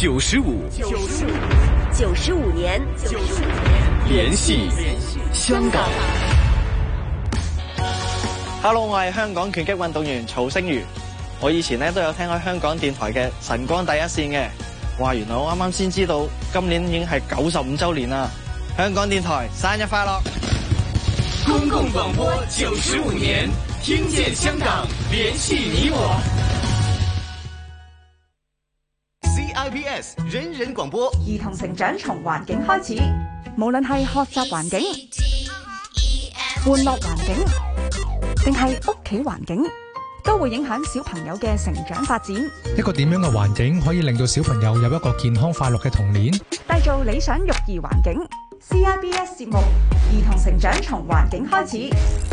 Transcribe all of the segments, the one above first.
九十五，九十五，九十五年，九十五年，聯繫，聯繫，聯繫香港。Hello，我係香港拳擊運動員曹星如。我以前呢都有聽過香港電台嘅《晨光第一線的》嘅。哇，原來我啱啱先知道今年已經係九十五周年啦。香港電台生日快樂！公共廣播九十五年，聽見香港，聯繫你我。CIBS 人人廣播，兒童成長從環境開始，無論係學習環境、玩樂環境，定係屋企環境，都會影響小朋友嘅成長發展。一個點樣嘅環境可以令到小朋友有一個健康快樂嘅童年？締造理想育兒環境，CIBS 節目《兒童成長從環境開始》，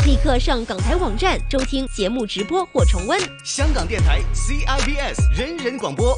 立刻上港台網站收聽節目直播或重温。香港電台 CIBS 人人廣播。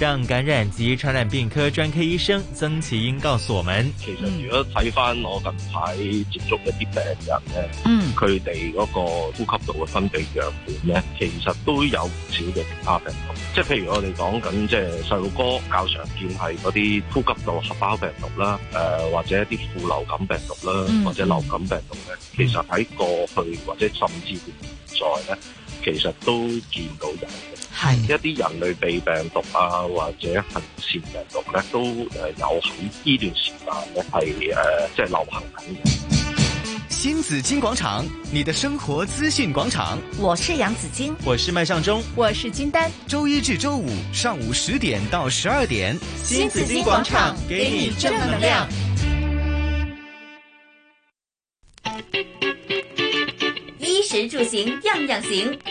讓感染及傳染病科專科醫生曾綺英告訴我們：其實如果睇翻我近排接觸一啲病人咧，佢哋嗰個呼吸道嘅分泌樣本咧，其實都有唔少嘅其他病毒，即係譬如我哋講緊即係細路哥較常見係嗰啲呼吸道合胞病毒啦，誒、呃、或者一啲副流感病毒啦、嗯，或者流感病毒其實喺過去或者甚至乎現在咧。其實都見到人的。嘅，一啲人類被病毒啊，或者行線病毒咧，都有喺呢段時間、啊，我係誒即係流行緊。新紫金廣場，你的生活資訊廣場，我是楊紫晶，我是麥尚中，我是金丹。周一至周五上午十點到十二點，新紫金廣場給你正能量。衣食住行，樣樣行。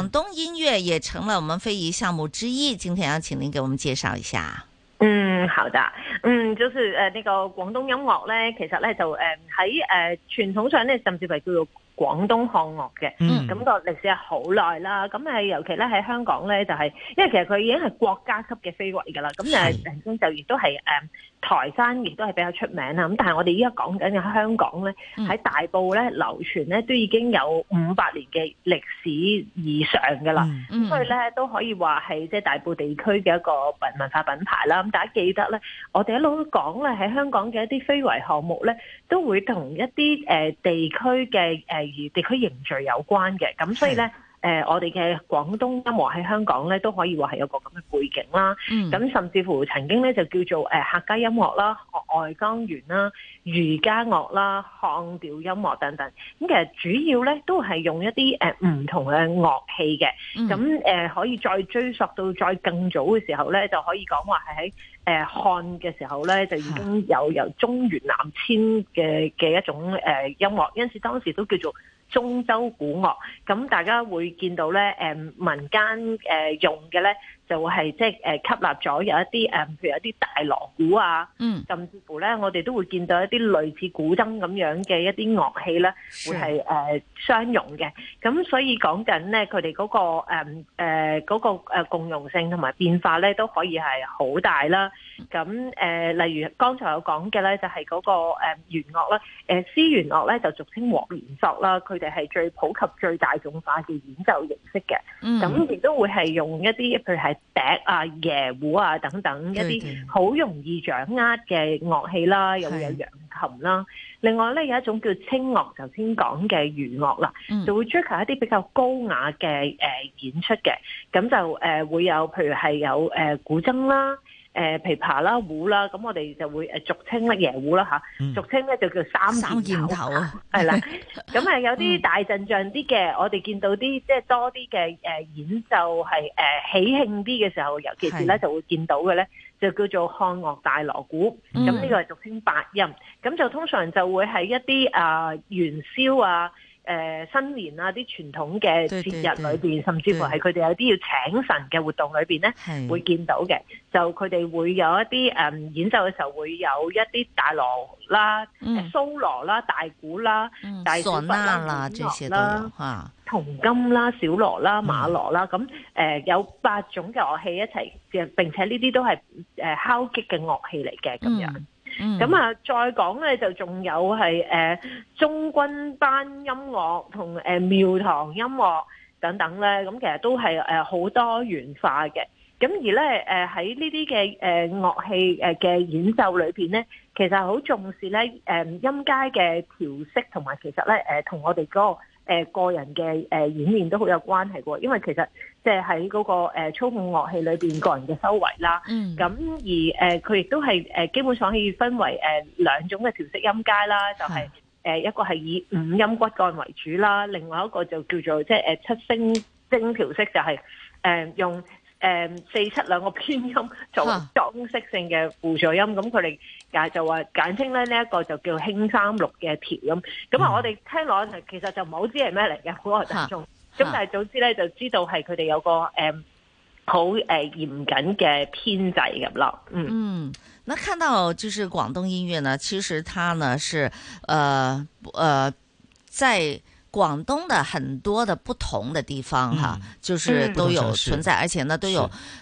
廣東音樂也成了我們非遺項目之一，今天要請您給我們介紹一下。嗯，好的，嗯，就是誒、呃這個呃呃嗯，呢個廣東音樂呢其實呢就誒喺誒傳統上呢甚至係叫做廣東漢樂嘅，嗯，咁個歷史係好耐啦，咁係尤其呢喺香港呢就係、是，因為其實佢已經係國家級嘅非遺噶啦，咁誒曾經就亦都係誒。台山亦都係比較出名啦，咁但係我哋依家講緊嘅香港咧，喺大埔咧流傳咧都已經有五百年嘅歷史以上㗎啦，咁、嗯嗯、所以咧都可以話係即係大埔地區嘅一個文文化品牌啦。咁大家記得咧，我哋一路都講咧喺香港嘅一啲非遺項目咧，都會同一啲誒地區嘅誒與地區凝聚有關嘅，咁所以咧。誒、呃，我哋嘅廣東音樂喺香港咧都可以話係有個咁嘅背景啦。咁、嗯、甚至乎曾經咧就叫做客家音樂啦、學外江弦啦、儒家樂啦、漢調音樂等等。咁其實主要咧都係用一啲誒唔同嘅樂器嘅。咁、嗯呃、可以再追溯到再更早嘅時候咧，就可以講話係喺。誒、呃，漢嘅時候咧，就已經有由中原南遷嘅嘅一種誒、呃、音樂。因此當時都叫做中州古樂。咁大家會見到咧，誒、呃，民間誒、呃、用嘅咧。就係即係吸納咗有一啲誒，譬如一啲大鑼鼓啊，嗯，甚至乎咧，我哋都會見到一啲類似古箏咁樣嘅一啲樂器咧，會係誒相融嘅。咁所以講緊咧，佢哋嗰個誒誒嗰個誒共融性同埋變化咧，都可以係好大啦。咁、呃、例如剛才我講嘅咧，就係嗰個誒弦樂啦，誒絲弦樂咧就俗稱和弦索啦，佢哋係最普及、最大眾化嘅演奏形式嘅。咁、嗯、亦都會係用一啲佢係。譬如笛啊、椰胡啊等等一啲好容易掌握嘅樂器啦，又有揚琴啦。另外咧有一種叫清樂，頭先講嘅娛樂啦、嗯，就會追求一啲比較高雅嘅誒、呃、演出嘅。咁就誒、呃、會有，譬如係有誒、呃、古箏啦。誒琵琶啦、鼓啦，咁我哋就會俗稱乜嘢胡啦吓，俗稱咧就叫三件頭。係 啦，咁啊有啲大陣仗啲嘅， 我哋見到啲即係多啲嘅誒演奏係誒喜慶啲嘅時候，尤其是咧就會見到嘅咧，就叫做漢樂大鑼鼓。咁 呢個係俗稱八音，咁就通常就會係一啲誒、呃、元宵啊。誒、呃、新年啊，啲傳統嘅節日裏面對對對，甚至乎係佢哋有啲要請神嘅活動裏面咧，會見到嘅，就佢哋會有一啲、嗯、演奏嘅時候會有一啲大鑼啦、嗯、蘇鑼啦、大鼓啦、嗯、嗩吶啦、金啦、羅啦、羅啦、嗯、嗯呃、這些都銅啦、小鑼啦、馬鑼啦，咁誒有八種嘅樂器一齊嘅，並且呢啲都係誒敲擊嘅樂器嚟嘅咁樣。嗯咁啊，再講咧就仲有係誒中軍班音樂同誒廟堂音樂等等咧，咁其實都係誒好多元化嘅。咁而咧誒喺呢啲嘅誒樂器誒嘅演奏裏邊咧，其實好重視咧誒音階嘅調色，同埋其實咧誒同我哋嗰個。誒、呃、個人嘅誒演練都好有關係喎，因為其實即係喺嗰個誒操控樂器裏邊，個人嘅修為啦，咁、嗯、而誒佢亦都係誒基本上可以分為誒、呃、兩種嘅調式音階啦，就係、是、誒、呃、一個係以五音骨幹為主啦，另外一個就叫做即係誒七聲徵調式，就是，就係誒用誒、呃、四七兩個偏音作做裝飾性嘅輔助音，咁佢哋。他們但就話簡稱咧呢一、個就叫輕三六嘅條咁，咁啊我哋聽落其實就唔好知係咩嚟嘅，好耐集中。咁但係總之咧，就知道係佢哋有個誒好誒嚴謹嘅編制咁咯。嗯嗯，那看到就是廣東音樂呢，其實它呢是，誒、呃、誒、呃，在廣東的很多的不同的地方、嗯、哈，就是都有存在，嗯、而且呢都有。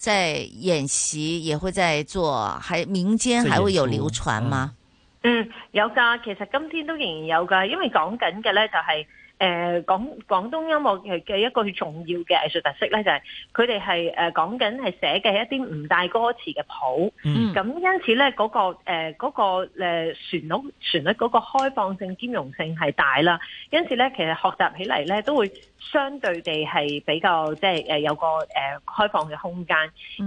在演習也會在做，還民間還會有流傳嗎？嗯，有噶，其實今天都仍然有噶，因為講緊嘅咧就係、是。誒、呃、廣廣東音樂嘅嘅一個重要嘅藝術特色咧，就係佢哋係誒講緊係寫嘅一啲唔帶歌詞嘅譜，咁、嗯、因此咧嗰、那個誒嗰、呃那個、旋律旋律嗰個開放性兼容性係大啦，因此咧其實學習起嚟咧都會相對地係比較即係誒有個誒開放嘅空間，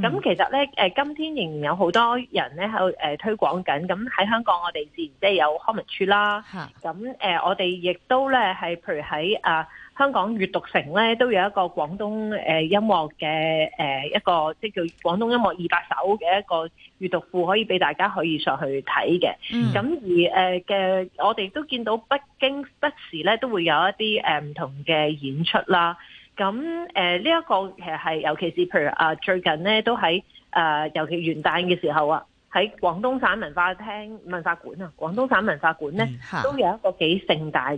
咁、嗯、其實咧誒今天仍然有好多人咧喺誒推廣緊，咁喺香港我哋自然即係有 o m e 刊 r y 啦，咁、嗯、誒我哋亦都咧係譬如。喺啊、呃、香港閱讀城咧，都有一個廣東誒、呃、音樂嘅誒一個即叫廣東音樂二百首嘅一個閱讀庫，可以俾大家可以上去睇嘅。咁、嗯、而誒嘅、呃、我哋都見到北京不時咧都會有一啲誒唔同嘅演出啦。咁誒呢一個其實係尤其是譬如啊、呃、最近咧都喺誒、呃、尤其元旦嘅時候啊。喺廣東省文化廳文化館啊，廣東省文化館咧都有一個幾盛大嘅誒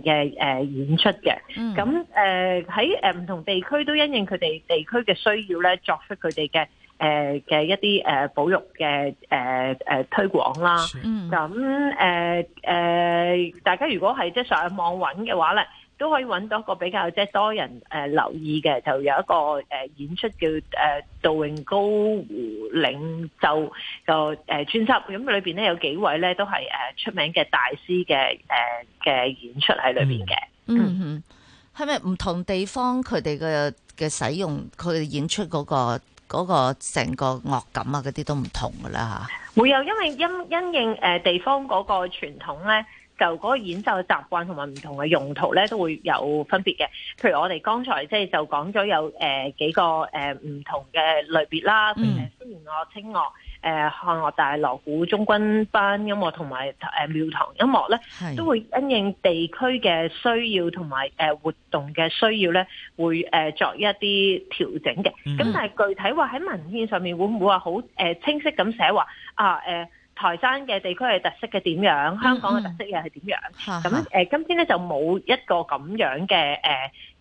演出嘅。咁誒喺誒唔同地區都因應佢哋地區嘅需要咧，作出佢哋嘅誒嘅一啲誒保育嘅誒誒推廣啦。咁誒誒，大家如果係即係上網揾嘅話咧。都可以揾到一個比較即係多人誒留意嘅，就有一個誒演出叫誒杜永高湖嶺奏個誒專輯。咁裏邊咧有幾位咧都係誒出名嘅大師嘅誒嘅演出喺裏邊嘅。嗯哼，係咪唔同地方佢哋嘅嘅使用佢哋演出嗰個嗰個成個樂感啊嗰啲都唔同㗎啦嚇？會有因為因因應誒地方嗰個傳統咧。就嗰個演奏嘅習慣同埋唔同嘅用途咧，都會有分別嘅。譬如我哋剛才即係就講咗有誒、呃、幾個誒唔、呃、同嘅類別啦，誒、嗯，絲弦樂、清樂、誒漢樂大鑼鼓、中軍班音樂同埋廟堂音樂咧，都會因應地區嘅需要同埋、呃、活動嘅需要咧，會誒、呃、作一啲調整嘅。咁、嗯、但係具體話喺文獻上面會唔會話好誒清晰咁寫話啊誒？呃台山嘅地區嘅特色係點樣，香港嘅特色又係點樣？咁、嗯、誒、嗯，今天咧就冇一個咁樣嘅誒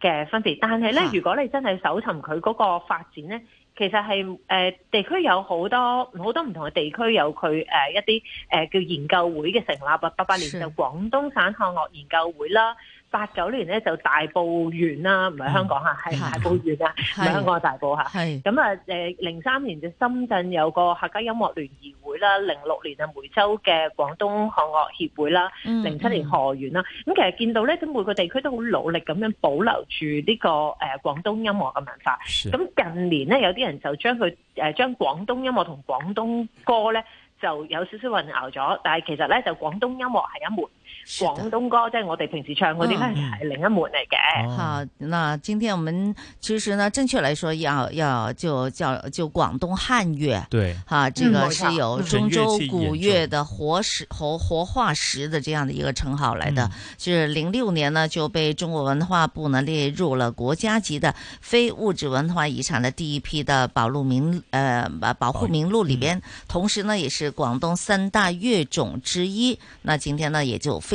嘅分別。但係咧、嗯，如果你真係搜尋佢嗰個發展咧，其實係誒、呃、地區有好多好多唔同嘅地區有佢誒、呃、一啲誒、呃、叫研究會嘅成立啊，八八年就廣東省漢樂研究會啦。八九年咧就大埔縣啦，唔係香港嚇，係、嗯、大埔縣啊，唔係香港大埔嚇。咁啊誒零三年就深圳有個客家音樂聯誼會啦，零六年啊梅州嘅廣東漢樂協會啦，零七年河源啦。咁、嗯嗯、其實見到咧，咁每個地區都好努力咁樣保留住呢個誒廣東音樂嘅文化。咁近年咧，有啲人就將佢誒將廣東音樂同廣東歌咧就有少少混淆咗，但係其實咧就廣東音樂係一門。廣東歌，即係我哋平時唱嗰啲咧，係、嗯、另一門嚟嘅。好、啊，那今天我們其實呢，正確來說要要就叫就廣東漢樂。對，哈、啊，這個是有中州古樂的活石活活化石的這樣的一個稱號來的。嗯，就是零六年呢就被中國文化部呢列入了國家級的非物質文化遺產的第一批的保路名，呃，保護名錄裏邊、嗯。同時呢，也是廣東三大樂種之一。那今天呢，也就非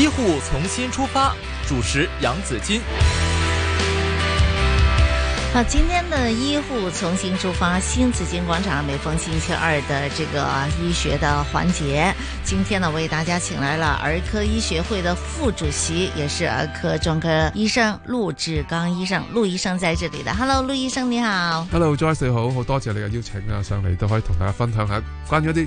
醫護重新出發，主持楊子金。好，今天的醫護重新出發，新紫金廣場每逢星期二的這個醫學的環節，今天呢為大家請來了兒科醫學會的副主席，也是兒科專科醫生陸志剛醫生。陸醫生在這裏的，Hello，陸醫生你好，Hello，Joyce，好好多謝你嘅邀請啊，上嚟都可以同大家分享下關於一啲。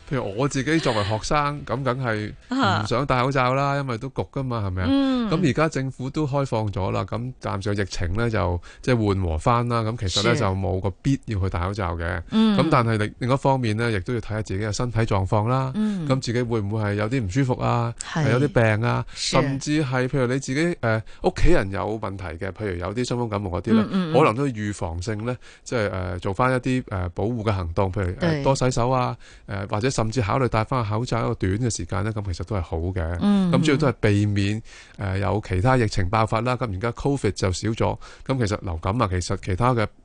譬如我自己作為學生，咁梗係唔想戴口罩啦、啊，因為都焗㗎嘛，係咪啊？咁而家政府都開放咗啦，咁暫時疫情咧就即係緩和翻啦。咁其實咧就冇個必要去戴口罩嘅。咁但係另另一方面咧，亦都要睇下自己嘅身體狀況啦。咁、嗯、自己會唔會係有啲唔舒服啊？係有啲病啊？甚至係譬如你自己呃、屋企人有問題嘅，譬如有啲傷風感冒嗰啲啦，可能都要預防性咧，即、就、係、是呃、做翻一啲、呃、保護嘅行動，譬如、呃、多洗手啊，誒、呃、或者。甚至考慮戴翻個口罩一個短嘅時間咧，咁其實都係好嘅。咁、嗯、主要都係避免誒有其他疫情爆發啦。咁而家 Covid 就少咗，咁其實流感啊，其實其他嘅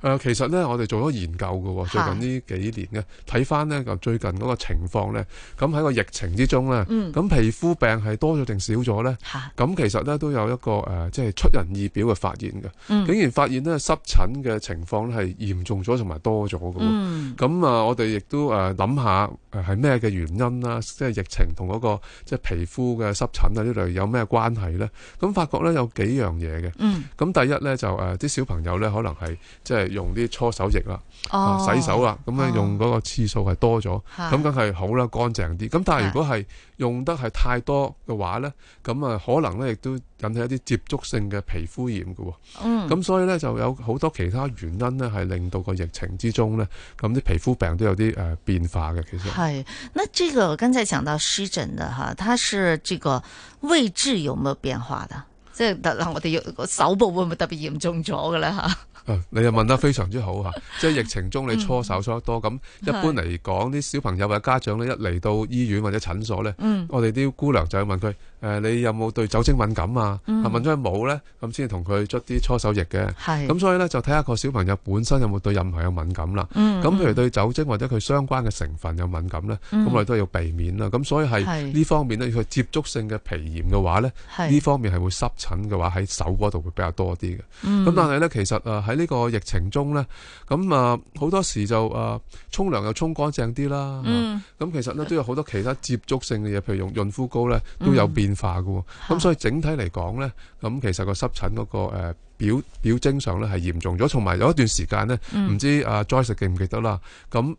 誒、呃，其實咧，我哋做咗研究嘅，最近呢幾年咧，睇翻咧，就最近嗰個情況咧，咁喺個疫情之中咧，咁、嗯、皮膚病係多咗定少咗咧？咁、啊、其實咧，都有一個誒、呃，即係出人意表嘅發現嘅、嗯，竟然發現咧濕疹嘅情況係嚴重咗同埋多咗嘅。咁、嗯、啊，我哋亦都誒諗、呃、下。係咩嘅原因啦？即係疫情同嗰個即係皮膚嘅濕疹啊呢類有咩關係咧？咁發覺咧有幾樣嘢嘅。嗯。咁第一咧就誒，啲小朋友咧可能係即係用啲搓手液啦，洗手啦，咁、哦、樣用嗰個次數係多咗，咁梗係好啦，乾淨啲。咁但係如果係。用得係太多嘅話咧，咁啊可能咧亦都引起一啲接觸性嘅皮膚炎嘅，咁、嗯、所以咧就有好多其他原因咧，係令到個疫情之中咧，咁啲皮膚病都有啲誒變化嘅其實。係，嗱，呢個我剛才講到濕疹的哈，它是這個位置有冇變化的？即係嗱，我哋個手部會唔會特別嚴重咗嘅咧？哈？你又問得非常之好吓、嗯、即係疫情中你搓手搓得多，咁、嗯、一般嚟講，啲小朋友或者家長咧一嚟到醫院或者診所咧、嗯，我哋啲姑娘就會問佢。誒、呃，你有冇對酒精敏感啊？係、嗯、問咗佢冇咧，咁先至同佢捽啲搓手液嘅。咁，所以咧就睇下個小朋友本身有冇對任何有敏感啦、啊。咁、嗯、譬如對酒精或者佢相關嘅成分有敏感咧，咁、嗯、我哋都係要避免啦、啊。咁所以係呢方面咧，佢接觸性嘅皮炎嘅話咧，呢方面係會濕疹嘅話喺手嗰度會比較多啲嘅。咁、嗯、但係咧，其實啊喺呢個疫情中咧，咁啊好多時就啊沖涼又沖乾淨啲啦。咁、嗯啊、其實咧都有好多其他接觸性嘅嘢，譬如用潤膚膏咧，都有變。變化噶，咁，所以整體嚟講咧，咁，其實濕、個濕疹嗰個誒。呃表表徵上咧係嚴重咗，同埋有一段時間咧，唔知阿 Joyce 記唔記得啦？咁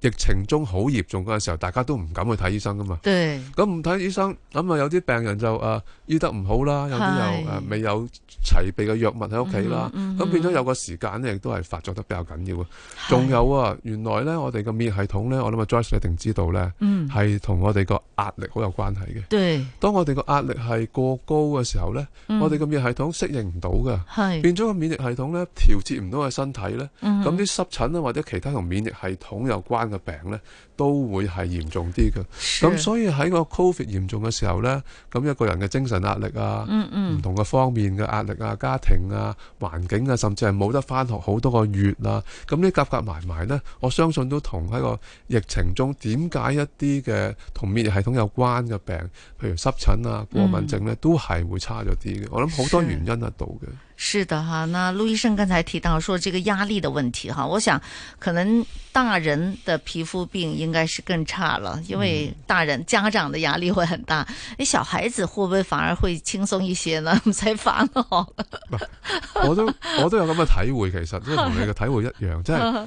疫情中好嚴重嗰陣時候，大家都唔敢去睇醫生噶嘛。對。咁唔睇醫生，咁啊有啲病人就啊醫得唔好啦，有啲又誒未有齊備嘅藥物喺屋企啦。咁變咗有個時間咧，亦都係發作得比較緊要啊。仲有啊，原來咧我哋個免疫系統咧，我諗阿 Joyce 一定知道咧，係同我哋個壓力好有關係嘅。對。當我哋個壓力係過高嘅時候咧，我哋個免疫系統適應唔到㗎。變咗個免疫系統咧，調節唔到個身體咧，咁啲濕疹啊或者其他同免疫系統有關嘅病咧，都會係嚴重啲嘅。咁所以喺個 Covid 嚴重嘅時候咧，咁一個人嘅精神壓力啊，嗯嗯、唔同嘅方面嘅壓力啊，家庭啊、環境啊，甚至係冇得翻學好多個月啊，咁呢夾夾埋埋咧，我相信都同喺個疫情中點解一啲嘅同免疫系統有關嘅病，譬如濕疹啊、過敏症咧、嗯，都係會差咗啲嘅。我諗好多原因喺度嘅。是的哈，那陸醫生剛才提到說這個壓力的問題哈，我想可能大人的皮膚病應該是更差了，因為大人家長的壓力會很大，嗯、你小孩子會不會反而會輕鬆一些呢？唔使煩惱。我都我都有咁嘅體會， 其實都同你嘅體會一樣，即 係、就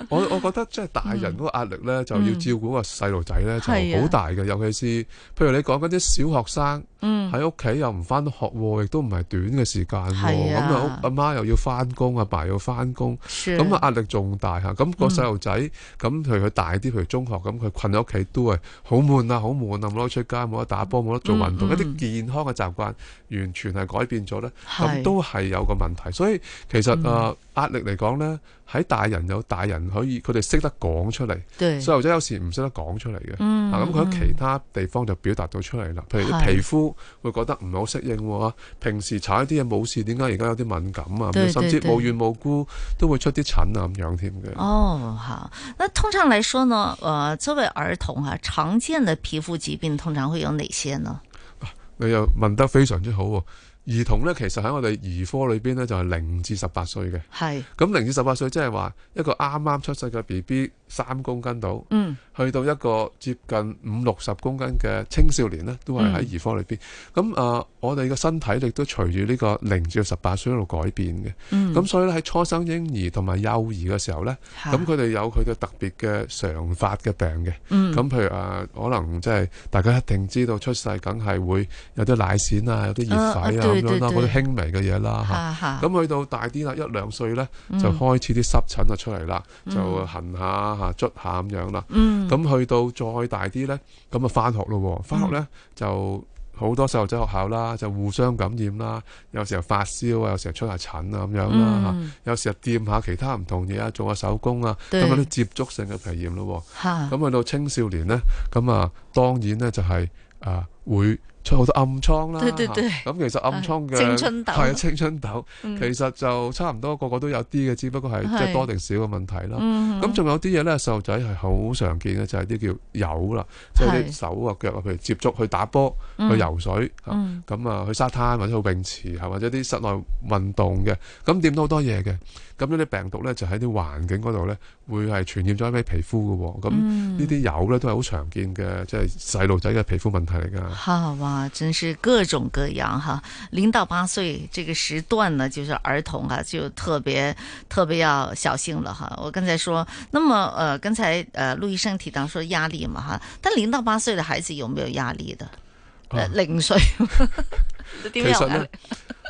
是、我我覺得即係大人嗰個壓力呢、嗯、就要照顧個細路仔呢、嗯、就好大嘅，尤其是譬如你講緊啲小學生。喺屋企又唔翻學，亦都唔係短嘅時間，咁阿媽又要翻工，阿爸又要翻工，咁啊壓力仲大吓。咁、個細路仔，咁佢佢大啲，譬如中學，咁佢困喺屋企都係好悶啊，好悶啊，冇得出街，冇得打波，冇得做運動，嗯嗯、一啲健康嘅習慣完全係改變咗咧。咁都係有個問題。所以其實啊，嗯呃、壓力嚟講咧，喺大人有大人可以，佢哋識得講出嚟。細路仔有時唔識得講出嚟嘅，咁佢喺其他地方就表達到出嚟啦。譬如啲皮膚。會覺得唔係好適應喎，平時搽一啲嘢，冇事，點解而家有啲敏感啊？對對對。甚至無緣無故都會出啲疹啊咁樣添嘅。哦，好。那通常來說呢，誒，作為兒童啊，常見的皮膚疾病通常會有哪些呢？你又問得非常之好喎。兒童呢，其實喺我哋兒科裏邊呢，就係零至十八歲嘅。係。咁零至十八歲，即係話一個啱啱出世嘅 BB。三公斤到、嗯，去到一個接近五六十公斤嘅青少年呢都係喺兒科裏邊。咁、嗯、啊、呃，我哋嘅身體亦都隨住呢個零至十八歲一路改變嘅。咁、嗯、所以咧，喺初生嬰兒同埋幼兒嘅時候呢，咁佢哋有佢嘅特別嘅常發嘅病嘅。咁、啊、譬如、呃、可能即、就、係、是、大家一定知道出世梗係會有啲奶癬啊，有啲熱痱啊咁、啊、樣啊對對對啦，嗰啲輕微嘅嘢啦嚇。咁、啊、去到大啲啦，一兩歲呢，就開始啲濕疹就出嚟啦、啊啊，就痕下。吓捽下咁樣啦，咁、嗯、去到再大啲呢，咁啊翻學咯喎，翻學呢，嗯、就好多細路仔學校啦，就互相感染啦，有時候發燒啊，有時候出下疹啊咁、嗯、樣啦，有時候掂下其他唔同嘢啊，做下手工啊，咁嗰啲接觸性嘅皮炎咯喎，咁、啊、去到青少年呢，咁啊當然呢、就是，就係啊會。出好多暗瘡啦，咁其實暗瘡嘅係啊青春痘、嗯，其實就差唔多個個都有啲嘅，只不過係即係多定少嘅問題啦。咁仲、嗯、有啲嘢咧，細路仔係好常見嘅，就係、是、啲叫油啦，即係啲手啊腳啊，譬如接觸去打波、去游水，咁、嗯、啊去沙灘或者去泳池，或者啲室內運動嘅，咁點都好多嘢嘅。咁樣啲病毒咧就喺啲環境嗰度咧，會係傳染咗喺皮膚嘅。咁呢啲油咧都係好常見嘅，即係細路仔嘅皮膚問題嚟㗎。哈哇，真是各種各樣哈！零到八歲這個時段呢，就是兒童啊，就特別特別要小心了哈。我剛才說，那麼呃，剛才呃，陸醫生提到說壓力嘛哈，但零到八歲的孩子有沒有壓力的？零、啊、歲、呃、 其實呢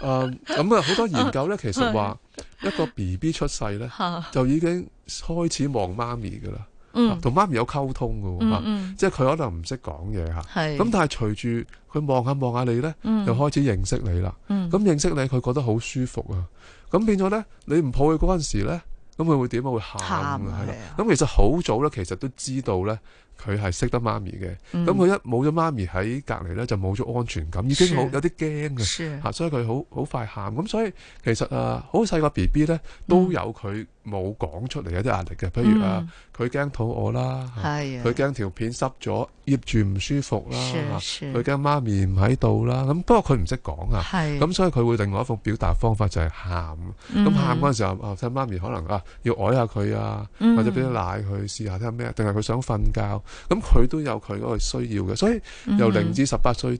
誒，咁 啊、呃，好多研究咧，其實話。一個 B B 出世呢，就已經開始望媽咪噶啦，同、嗯、媽咪有溝通噶、嗯嗯，即係佢可能唔識講嘢吓，咁但係隨住佢望下望下你呢，就開始認識你啦，咁、嗯嗯、認識你佢覺得好舒服啊，咁變咗呢，你唔抱佢嗰陣時呢，咁佢會點樣會喊噶，係咁其實好早呢，其實都知道呢。佢係識得媽咪嘅，咁、嗯、佢一冇咗媽咪喺隔離呢，就冇咗安全感，已經好有啲驚嘅嚇，所以佢好好快喊。咁所以其實啊，好細個 B B 呢，都有佢、嗯。冇講出嚟有啲壓力嘅，譬如啊，佢、嗯、驚肚餓啦，佢驚條片濕咗，醃住唔舒服啦，佢驚媽咪唔喺度啦。咁不，不過佢唔識講啊，咁所以佢會另外一幅表達方法就係、是、喊。咁喊嗰陣時候啊，睇媽咪可能啊，要愛下佢啊，或者俾啲奶佢試下睇咩，定係佢想瞓覺。咁佢都有佢嗰個需要嘅，所以由零至十八歲。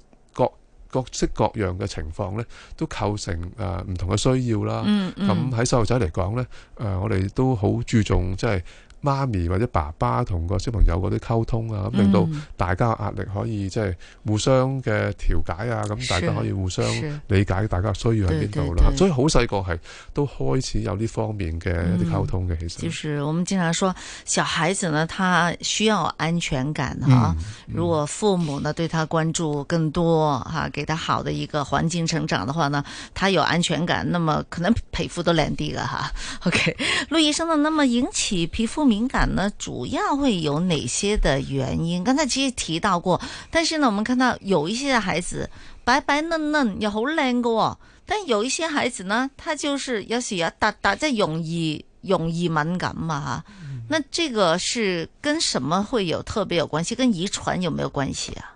各式各樣嘅情況咧，都構成誒唔同嘅需要啦。咁喺細路仔嚟講咧，誒、嗯、我哋都好注重即係。就是媽咪或者爸爸同個小朋友嗰啲溝通啊，令到大家壓力可以即係、嗯、互相嘅調解啊，咁大家可以互相理解，大家需要喺邊度啦。所以好細個係都開始有呢方面嘅、嗯、一啲溝通嘅，其實。就是我們經常說，小孩子呢，他需要安全感哈、啊嗯。如果父母呢對他關注更多哈、啊，給他好的一個環境成長的話呢，他有安全感，那麼可能皮膚都靚啲噶哈。OK，陸醫生呢，那麼引起皮膚敏敏感呢，主要會有哪些的原因？剛才其實提到過，但是呢，我們看到有一些孩子白白嫩嫩又好靚㗎，但有一些孩子呢，他就是有時一笪笪即容易容易敏感啊吓、嗯。那這個是跟什麼會有特別有關係？跟遺傳有沒有關係啊？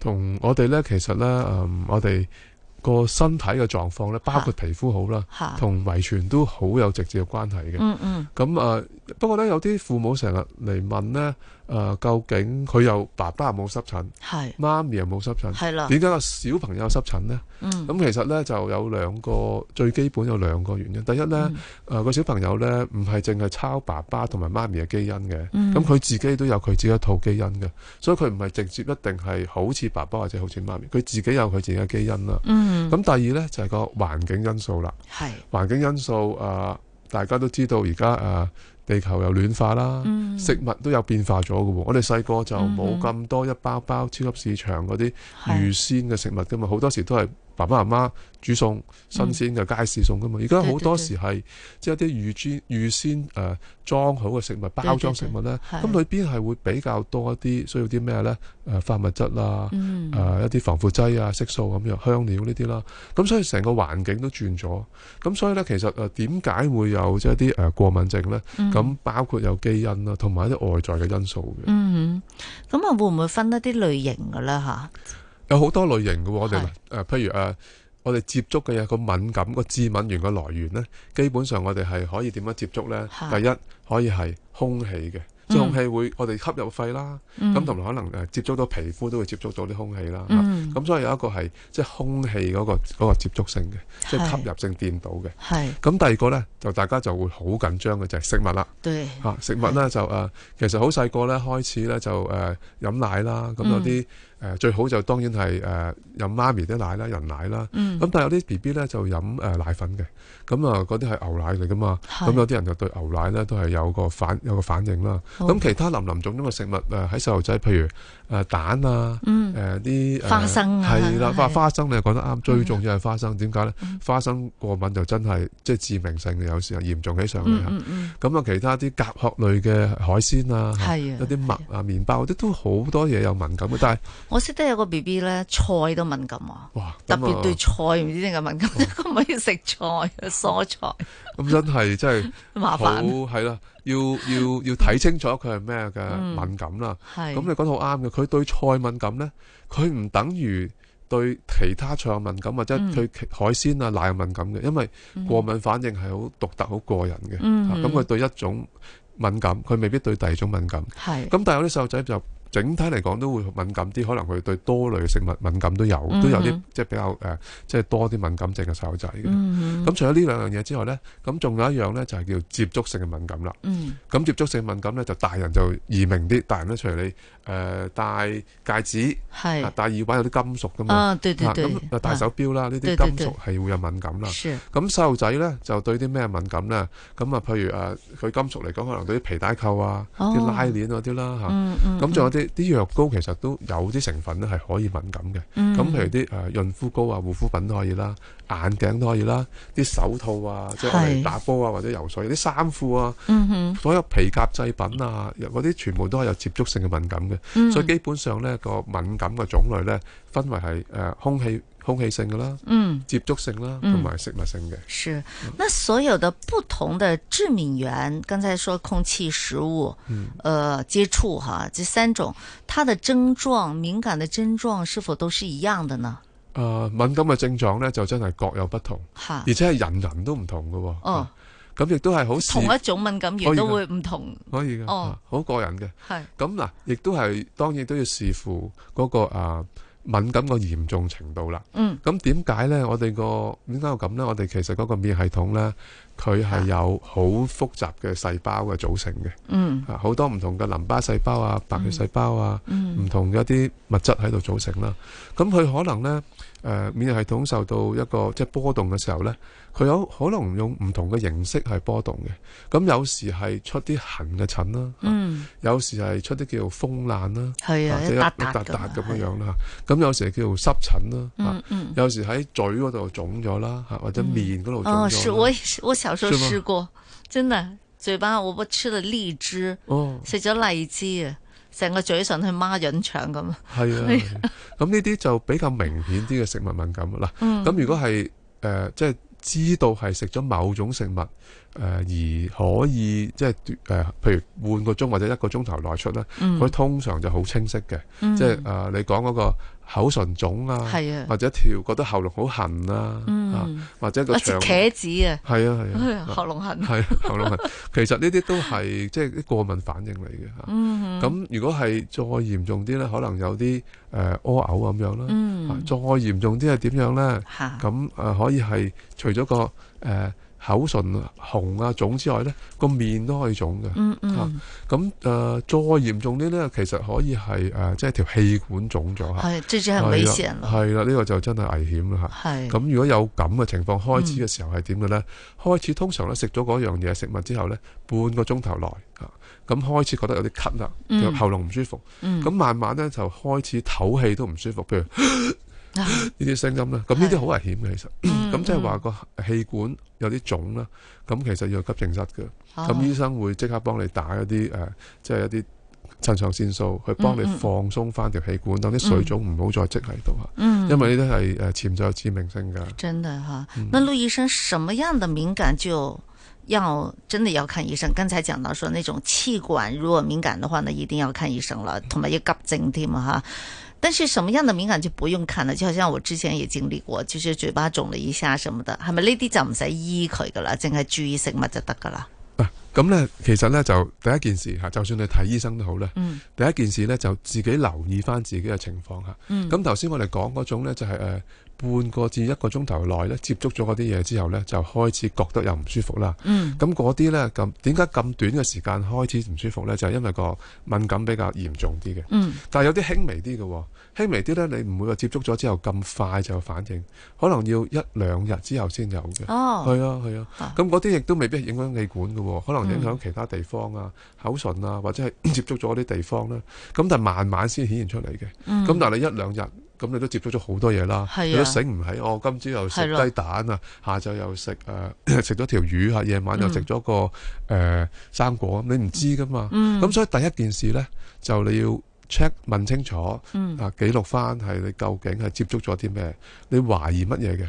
同、哎、我哋呢，其實呢，嗯、我哋。個身體嘅狀況咧，包括皮膚好啦，同、啊、遺傳都好有直接嘅關係嘅。嗯嗯。咁啊、呃，不過咧，有啲父母成日嚟問咧。誒、呃，究竟佢有爸爸冇濕疹，係媽咪又冇濕疹，係啦，點解個小朋友濕疹呢？嗯，咁其實呢，就有兩個最基本有兩個原因。第一呢，誒、嗯、個、呃、小朋友呢，唔係淨係抄爸爸同埋媽咪嘅基因嘅，咁、嗯、佢自己都有佢自己一套基因嘅，所以佢唔係直接一定係好似爸爸或者好似媽咪，佢自己有佢自己嘅基因啦。咁、嗯、第二呢，就係、是、個環境因素啦。環境因素啊、呃，大家都知道而家誒。呃地球又暖化啦，食物都有變化咗嘅。我哋細個就冇咁多一包包超級市場嗰啲預先嘅食物㗎嘛，好多時都係。爸爸媽媽煮餸新鮮嘅、嗯、街市餸噶嘛，而家好多時係即係啲預先預先誒、呃、裝好嘅食物、包裝食物咧，咁裏邊係會比較多一啲需要啲咩咧？誒、呃、化物質啦，誒、嗯呃、一啲防腐劑啊、色素咁樣香料呢啲啦，咁所以成個環境都轉咗，咁所以咧其實誒點解會有即係啲誒過敏症咧？咁、嗯、包括有基因啦、啊，同埋一啲外在嘅因素嘅。嗯，咁啊會唔會分一啲類型嘅咧吓？有好多類型嘅，我哋誒、啊，譬如誒、啊，我哋接觸嘅，嘢，個敏感個致敏源嘅來源咧，基本上我哋係可以點樣接觸咧？第一可以係空氣嘅、嗯，即空氣會我哋吸入肺啦，咁同埋可能誒接觸到皮膚都會接觸到啲空氣啦。咁、嗯啊、所以有一個係即係空氣嗰、那個嗰、那個接觸性嘅，即係吸入性電到嘅。咁第二個咧就大家就會好緊張嘅就係、是、食物啦。吓、啊、食物咧就誒，其實好細個咧開始咧就誒飲、呃、奶啦，咁有啲。嗯誒最好就當然係誒飲媽咪啲奶啦、人奶啦。嗯。咁但係有啲 B B 咧就飲誒奶粉嘅，咁啊，嗰啲係牛奶嚟㗎嘛。係。咁有啲人就對牛奶咧都係有個反有個反應啦。好。咁其他林林種種嘅食物誒喺細路仔，譬如誒蛋啊，嗯。誒啲花生啊。係啦，花生你講得啱，最重要係花生。點解咧？花生過敏就真係即係致命性嘅，有時候嚴重起上嚟嚇。嗯嗯嗯。咁啊，其他啲甲殼類嘅海鮮啊，係啊。有啲麥啊、麵包啲都好多嘢有敏感嘅，但係。我識得有個 B B 咧，菜都敏感啊！哇，特別對菜唔知點解敏感，咁咪要食菜啊？蔬菜咁真係真係麻煩，係啦，要要要睇清楚佢係咩嘅敏感啦。係。咁你講得好啱嘅，佢對菜敏感咧，佢唔等於對其他菜有敏感或者對海鮮啊、奶有敏感嘅，因為過敏反應係好獨特好個人嘅。嗯，咁佢對一種敏感，佢未必對第二種敏感。係。咁，但係有啲細路仔就。整體嚟講都會敏感啲，可能佢對多類食物敏感都有，都有啲即係比較誒，即係多啲敏感症嘅細路仔嘅。咁除咗呢兩樣嘢之外咧，咁仲有一樣咧就係叫接觸性嘅敏感啦。咁接觸性敏感咧就大人就易明啲，大人咧除你誒戴戒指，係戴耳環有啲金屬噶嘛，咁戴手錶啦，呢啲金屬係會有敏感啦。咁細路仔咧就對啲咩敏感咧？咁啊，譬如誒佢金屬嚟講，可能對啲皮帶扣啊、啲拉鍊嗰啲啦嚇。咁仲有啲。啲藥膏其實都有啲成分咧係可以敏感嘅，咁譬如啲誒潤膚膏啊、護膚品都可以啦，眼鏡都可以啦，啲手套啊，即係打波啊或者游水啲衫褲啊，所有皮革製品啊，嗰啲全部都係有接觸性嘅敏感嘅，所以基本上咧個敏感嘅種類咧，分為係誒空氣。空氣性噶啦，嗯，接觸性啦，同埋食物性嘅，嗯。是，那所有的不同的致敏原，剛才說空氣、食物，嗯，呃、接觸，哈，這三種，它的症狀，敏感的症狀是否都是一樣的呢？誒、呃，敏感嘅症狀呢，就真係各有不同，吓，而且係人人都唔同噶，哦，哦，咁亦都係好同一種敏感原都會唔同，哦、同，同，可以嘅，哦，好、哦啊、個人嘅，係，咁嗱，亦都係當然都要視乎嗰、那個啊。敏感個嚴重程度啦，咁點解咧？我哋個點解會咁咧？我哋其實嗰個免疫系統咧，佢係有好複雜嘅細胞嘅組成嘅，好多唔同嘅淋巴細胞啊、白血細胞啊、唔同嘅一啲物質喺度組成啦。咁佢可能咧，誒免疫系統受到一個即係波動嘅時候咧。佢有可能用唔同嘅形式係波動嘅，咁有時係出啲痕嘅疹啦，嗯，有時係出啲叫做風癩啦，係啊，一笪笪咁樣樣啦，咁有時叫做濕疹啦，有時喺嘴嗰度腫咗啦，吓或者面嗰度腫咗。哦、嗯啊，我我小時候試過，真係嘴巴我我食咗荔枝，哦，食咗荔枝整個嘴媽啊，成個嘴唇去孖潤腸咁。係啊，咁呢啲就比較明顯啲嘅食物敏感啦。咁、嗯啊、如果係誒即係。呃就是知道係食咗某種食物，誒、呃、而可以即係誒，譬如半個鐘或者一個鐘頭內出啦，佢、嗯、通常就好清晰嘅，嗯、即係誒、呃、你講嗰、那個。.口唇腫啊，啊，或者條覺得喉嚨好痕啊、嗯，或者一個茄子啊，係啊係啊，喉嚨痕、啊、係、呃啊、喉嚨痕、啊。其實呢啲都係即係啲過敏反應嚟嘅。咁、嗯啊、如果係再嚴重啲咧，可能有啲誒屙嘔咁樣啦。再嚴重啲係點是怎樣咧？咁、啊、誒、呃呃嗯嗯啊啊啊、可以係除咗個誒。呃口唇紅啊，腫之外呢，個面都可以腫嘅。嗯嗯。咁、啊、誒、呃、再嚴重啲呢，其實可以係誒、呃、即係條氣管腫咗嚇。係，危啦，呢、呢個就真係危險啦。係。咁如果有咁嘅情況開始嘅時候係點嘅呢、嗯？開始通常咧食咗嗰樣嘢食物之後呢，半個鐘頭內咁、啊、開始覺得有啲咳啦、嗯、喉嚨唔舒服。咁、嗯、慢慢呢，就開始唞氣都唔舒服。譬如嗯呢、啊、啲聲音咧，咁呢啲好危險嘅，其實，咁即係話個氣管有啲腫啦，咁其實要急症室嘅，咁醫生會即刻幫你打一啲誒，即、呃、係、就是、一啲腎上腺素去幫你放鬆翻條氣管，等、嗯、啲水腫唔好再積喺度啊，因為呢啲係誒潛在有致命性㗎。真的吓，那陸醫生，什麼樣的敏感就？要真的要看醫生，剛才講到說那種氣管如果敏感的話，呢一定要看醫生啦，同埋要急症添。嘛但是什麼樣的敏感就不用看了，就好像我之前也經歷過，就是嘴巴腫了一下什麼的，係咪呢啲就唔使醫佢噶啦，淨係注意食物就得噶啦。咁、嗯、呢、嗯，其實呢就第一件事吓，就算你睇醫生都好啦。第一件事呢，就自己留意返自己嘅情況吓。咁頭先我哋講嗰種呢、就是，就係誒。半個至一個鐘頭內咧，接觸咗嗰啲嘢之後咧，就開始覺得又唔舒服啦。嗯，咁嗰啲咧，咁點解咁短嘅時間開始唔舒服咧？就係因為個敏感比較嚴重啲嘅。嗯，但係有啲輕微啲嘅，輕微啲咧，你唔會話接觸咗之後咁快就反應，可能要一兩日之後先有嘅。哦，係啊，係啊。咁嗰啲亦都未必係影響氣管嘅，可能影響其他地方啊、口唇啊，或者係接觸咗啲地方咧。咁但係慢慢先顯現出嚟嘅。嗯。咁但係你一兩日，咁你都接觸咗好多嘢啦，啊、你都醒唔起。我、哦、今朝又食雞蛋啊，下晝又食食咗條魚，夜晚又食咗個誒生、嗯呃、果。你唔知噶嘛？咁、嗯、所以第一件事咧，就你要 check 問清楚，嗯、啊記錄翻係你究竟係接觸咗啲咩，你懷疑乜嘢嘅？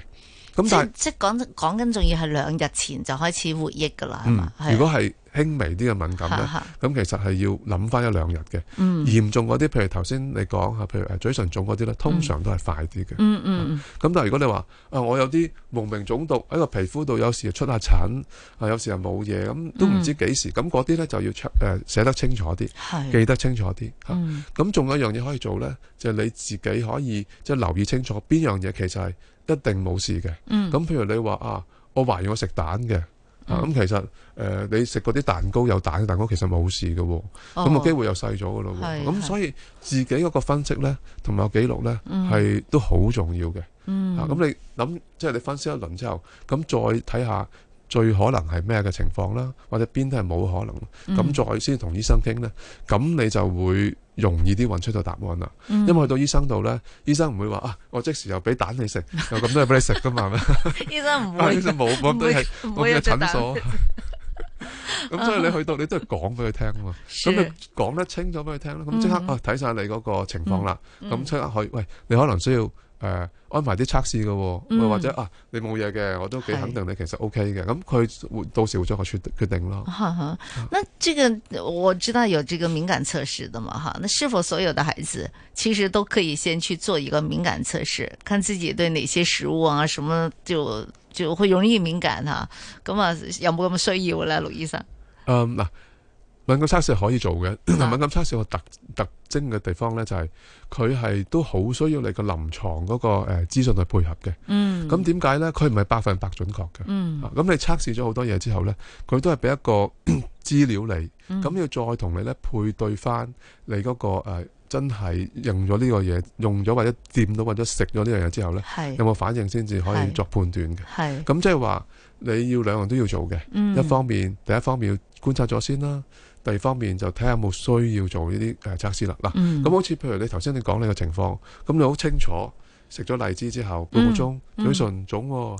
咁但即講講緊，仲要係兩日前就開始回憶噶啦，係嘛？如果係輕微啲嘅敏感咧，咁其實係要諗翻一兩日嘅。嚴、嗯、重嗰啲，譬如頭先你講吓，譬如誒嘴唇腫嗰啲咧，通常都係快啲嘅。咁、嗯、但係如果你話啊、呃，我有啲無名腫毒喺個皮膚度，有時出下疹，啊有時又冇嘢，咁都唔知幾時。咁嗰啲咧就要誒寫、呃、得清楚啲，記得清楚啲。咁仲、嗯嗯、有一樣嘢可以做咧，就係、是、你自己可以即係、就是、留意清楚邊樣嘢，其實係。一定冇事嘅。咁、嗯、譬如你話啊，我懷疑我食蛋嘅。咁、嗯啊、其實誒、呃，你食嗰啲蛋糕有蛋嘅蛋糕，其實冇事嘅。咁、哦、個機會又細咗嘅咯。咁所以自己嗰個分析呢，同埋記錄呢，係、嗯、都好重要嘅。嚇咁、嗯啊、你諗，即、就、係、是、你分析一輪之後，咁再睇下。最可能係咩嘅情況啦，或者邊都係冇可能，咁、嗯、再先同醫生傾呢，咁你就會容易啲搵出到答案啦、嗯。因為去到醫生度呢，醫生唔會話啊，我即時又俾蛋你食，又咁多嘢俾你食噶嘛。係咪？」醫生唔會，醫生冇，冇，都係我嘅診所。咁 所以你去到你都係講俾佢聽啊嘛，咁 你講得清，清楚俾佢聽啦，咁即刻啊睇晒你嗰個情況啦，咁即刻去喂，你可能需要。呃，安排啲測試嘅，或者啊，你冇嘢嘅，我都幾肯定你其實 O K 嘅。咁佢到時會做個決決定咯。那這個我知道有這個敏感測試的嘛，哈。那是否所有的孩子其實都可以先去做一個敏感測試，看自己對哪些食物啊，什麼就就會容易敏感哈？咁啊，有冇咁需要咧，陸醫生？嗯，嗱，呃。敏感測試可以做嘅、啊，敏感測試個特特徵嘅地方呢，就係佢係都好需要你個臨床嗰、嗰個、呃、資訊去配合嘅。嗯，咁點解呢？佢唔係百分百準確嘅。嗯，咁、啊、你測試咗好多嘢之後呢，佢都係俾一個資料你。咁、嗯、要再同你咧配對返你嗰、嗰個、呃、真係認咗呢個嘢，用咗或者掂到或者食咗呢樣嘢之後呢，有冇反應先至可以作判斷嘅。係，咁即係話你要兩樣都要做嘅、嗯。一方面，第一方面要觀察咗先啦。第二方面就睇下有冇需要做呢啲誒測試啦。嗱、呃，咁好似譬如你頭先你講你個情況，咁你好清楚。食咗荔枝之後，嗯，半個鐘嘴唇腫，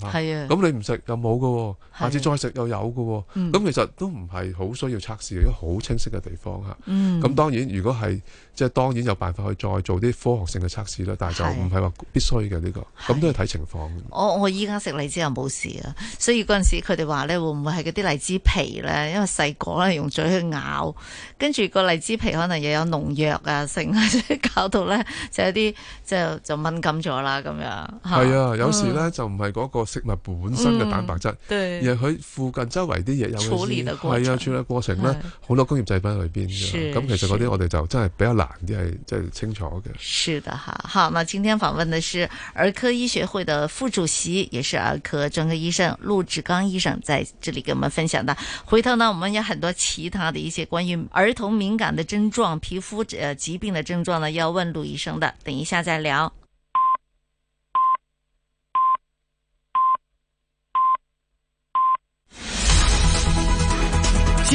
咁的你唔食又冇嘅，的下次再食又有嘅，咁，嗯，其實都唔係好需要測試，因為好清晰嘅地方嚇。咁，嗯，當然如果係即係當然有辦法去再做啲科學性嘅測試啦，但係就唔係話必須嘅呢，呢個，咁的都係睇情況。我我依家食荔枝又冇事啊，所以嗰陣時佢哋話咧，會唔會係嗰啲荔枝皮咧？因為細個咧用嘴去咬，跟住個荔枝皮可能又有農藥啊成，所以搞到咧就有啲即係就敏感咗啦咁樣係啊、嗯，有時呢，就唔係嗰個食物本身嘅蛋白質、嗯，而佢附近周圍啲嘢，有處理嘅，係啊處理過程呢，好多工業製品喺裏邊。咁其實嗰啲我哋就真係比較難啲，係即係清楚嘅。是的哈，好。那今天訪問的是兒科醫學會的副主席，也是兒科專科醫生陸志剛醫生，醫生在這裏跟我們分享的。回頭呢，我們有很多其他的一些關於兒童敏感的症狀、皮膚呃疾病的症狀呢，要問陸醫生的。等一下再聊。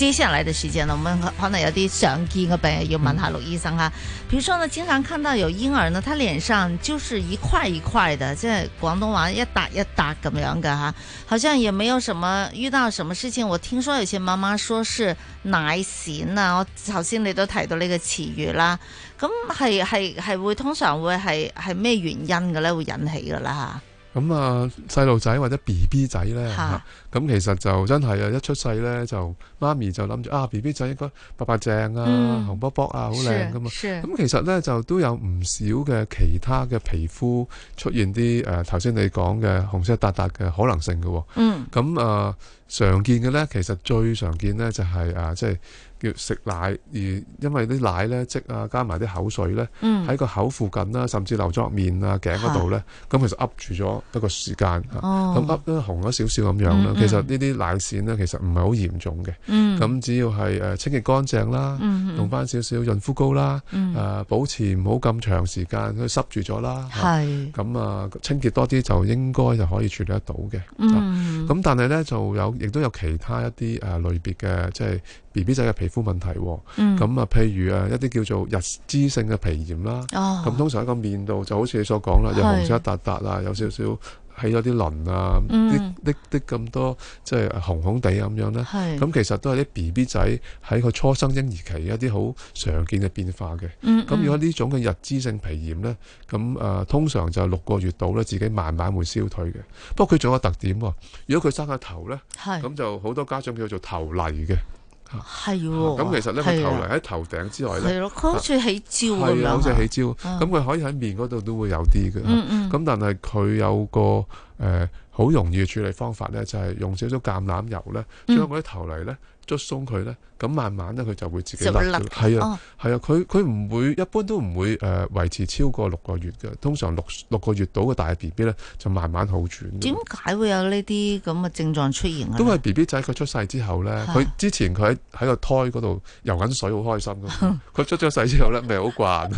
接下來的時間呢，我們可能有啲常見嘅病要問下陸醫生啊，譬如說呢，經常看到有嬰兒呢，他臉上就是一塊一塊的，即係廣東話一笪一笪咁樣嘅哈，好像也沒有什麼遇到什麼事情。我聽說有些媽媽說是奶癬啊，我頭先你都提到呢個詞語啦，咁係係係會通常會係係咩原因嘅咧，會引起嘅啦吓。咁啊，細路仔或者 BB 仔咧，咁、啊啊、其實就真係啊，一出世咧就媽咪就諗住啊，BB 仔應該白白淨啊，嗯、紅卜卜啊，好靚㗎嘛。咁、啊、其實咧就都有唔少嘅其他嘅皮膚出現啲誒頭先你講嘅紅色大笪嘅可能性嘅、啊。嗯。咁啊，常見嘅咧，其實最常見咧就係、是、啊，即、就、係、是。叫食奶，而因為啲奶咧即啊，加埋啲口水咧，喺、嗯、個口附近啦，甚至流咗入面啊、頸嗰度咧，咁其實噏住咗一個時間咁噏咧紅咗少少咁樣啦。其實呢啲奶線咧，其實唔係好嚴重嘅，咁、嗯、只要係清潔乾淨啦，用翻少少潤膚膏啦、嗯，保持唔好咁長時間佢濕住咗啦，咁啊清潔多啲就應該就可以處理得到嘅。咁、嗯啊、但係咧就有，亦都有其他一啲誒類別嘅，即係。B B 仔嘅皮膚問題，咁、嗯、啊，譬如啊，一啲叫做溢脂性嘅皮炎啦，咁、哦、通常喺個面度，就好似你所講啦，有紅色一笪笪啊，有少少起咗啲鱗啊，啲啲咁多，即、就、係、是、紅紅地咁樣咧。咁其實都係啲 B B 仔喺個初生嬰兒期一啲好常見嘅變化嘅。咁、嗯、如果呢種嘅溢脂性皮炎咧，咁、嗯、通常就六個月到咧，自己慢慢會消退嘅。不過佢仲有個特點喎，如果佢生個頭咧，咁就好多家長叫做頭泥嘅。係喎，咁其實咧個頭嚟喺頭頂之外咧，係咯，佢好似起焦咁樣，好似起焦，咁佢可以喺面嗰度都會有啲嘅，咁、嗯嗯、但係佢有個誒好、呃、容易嘅處理方法咧，就係、是、用少少橄欖油咧，將嗰啲頭嚟咧。捽鬆佢咧，咁慢慢咧佢就會自己甩，係啊，係、哦、啊，佢佢唔會，一般都唔會誒維、呃、持超過六個月噶，通常六六個月到嘅大 B B 咧就慢慢好轉。點解會有呢啲咁嘅症狀出現啊？因為 B B 仔，佢出世之後咧，佢之前佢喺喺個胎嗰度游緊水好開心噶，佢出咗世之後咧，咪好慣，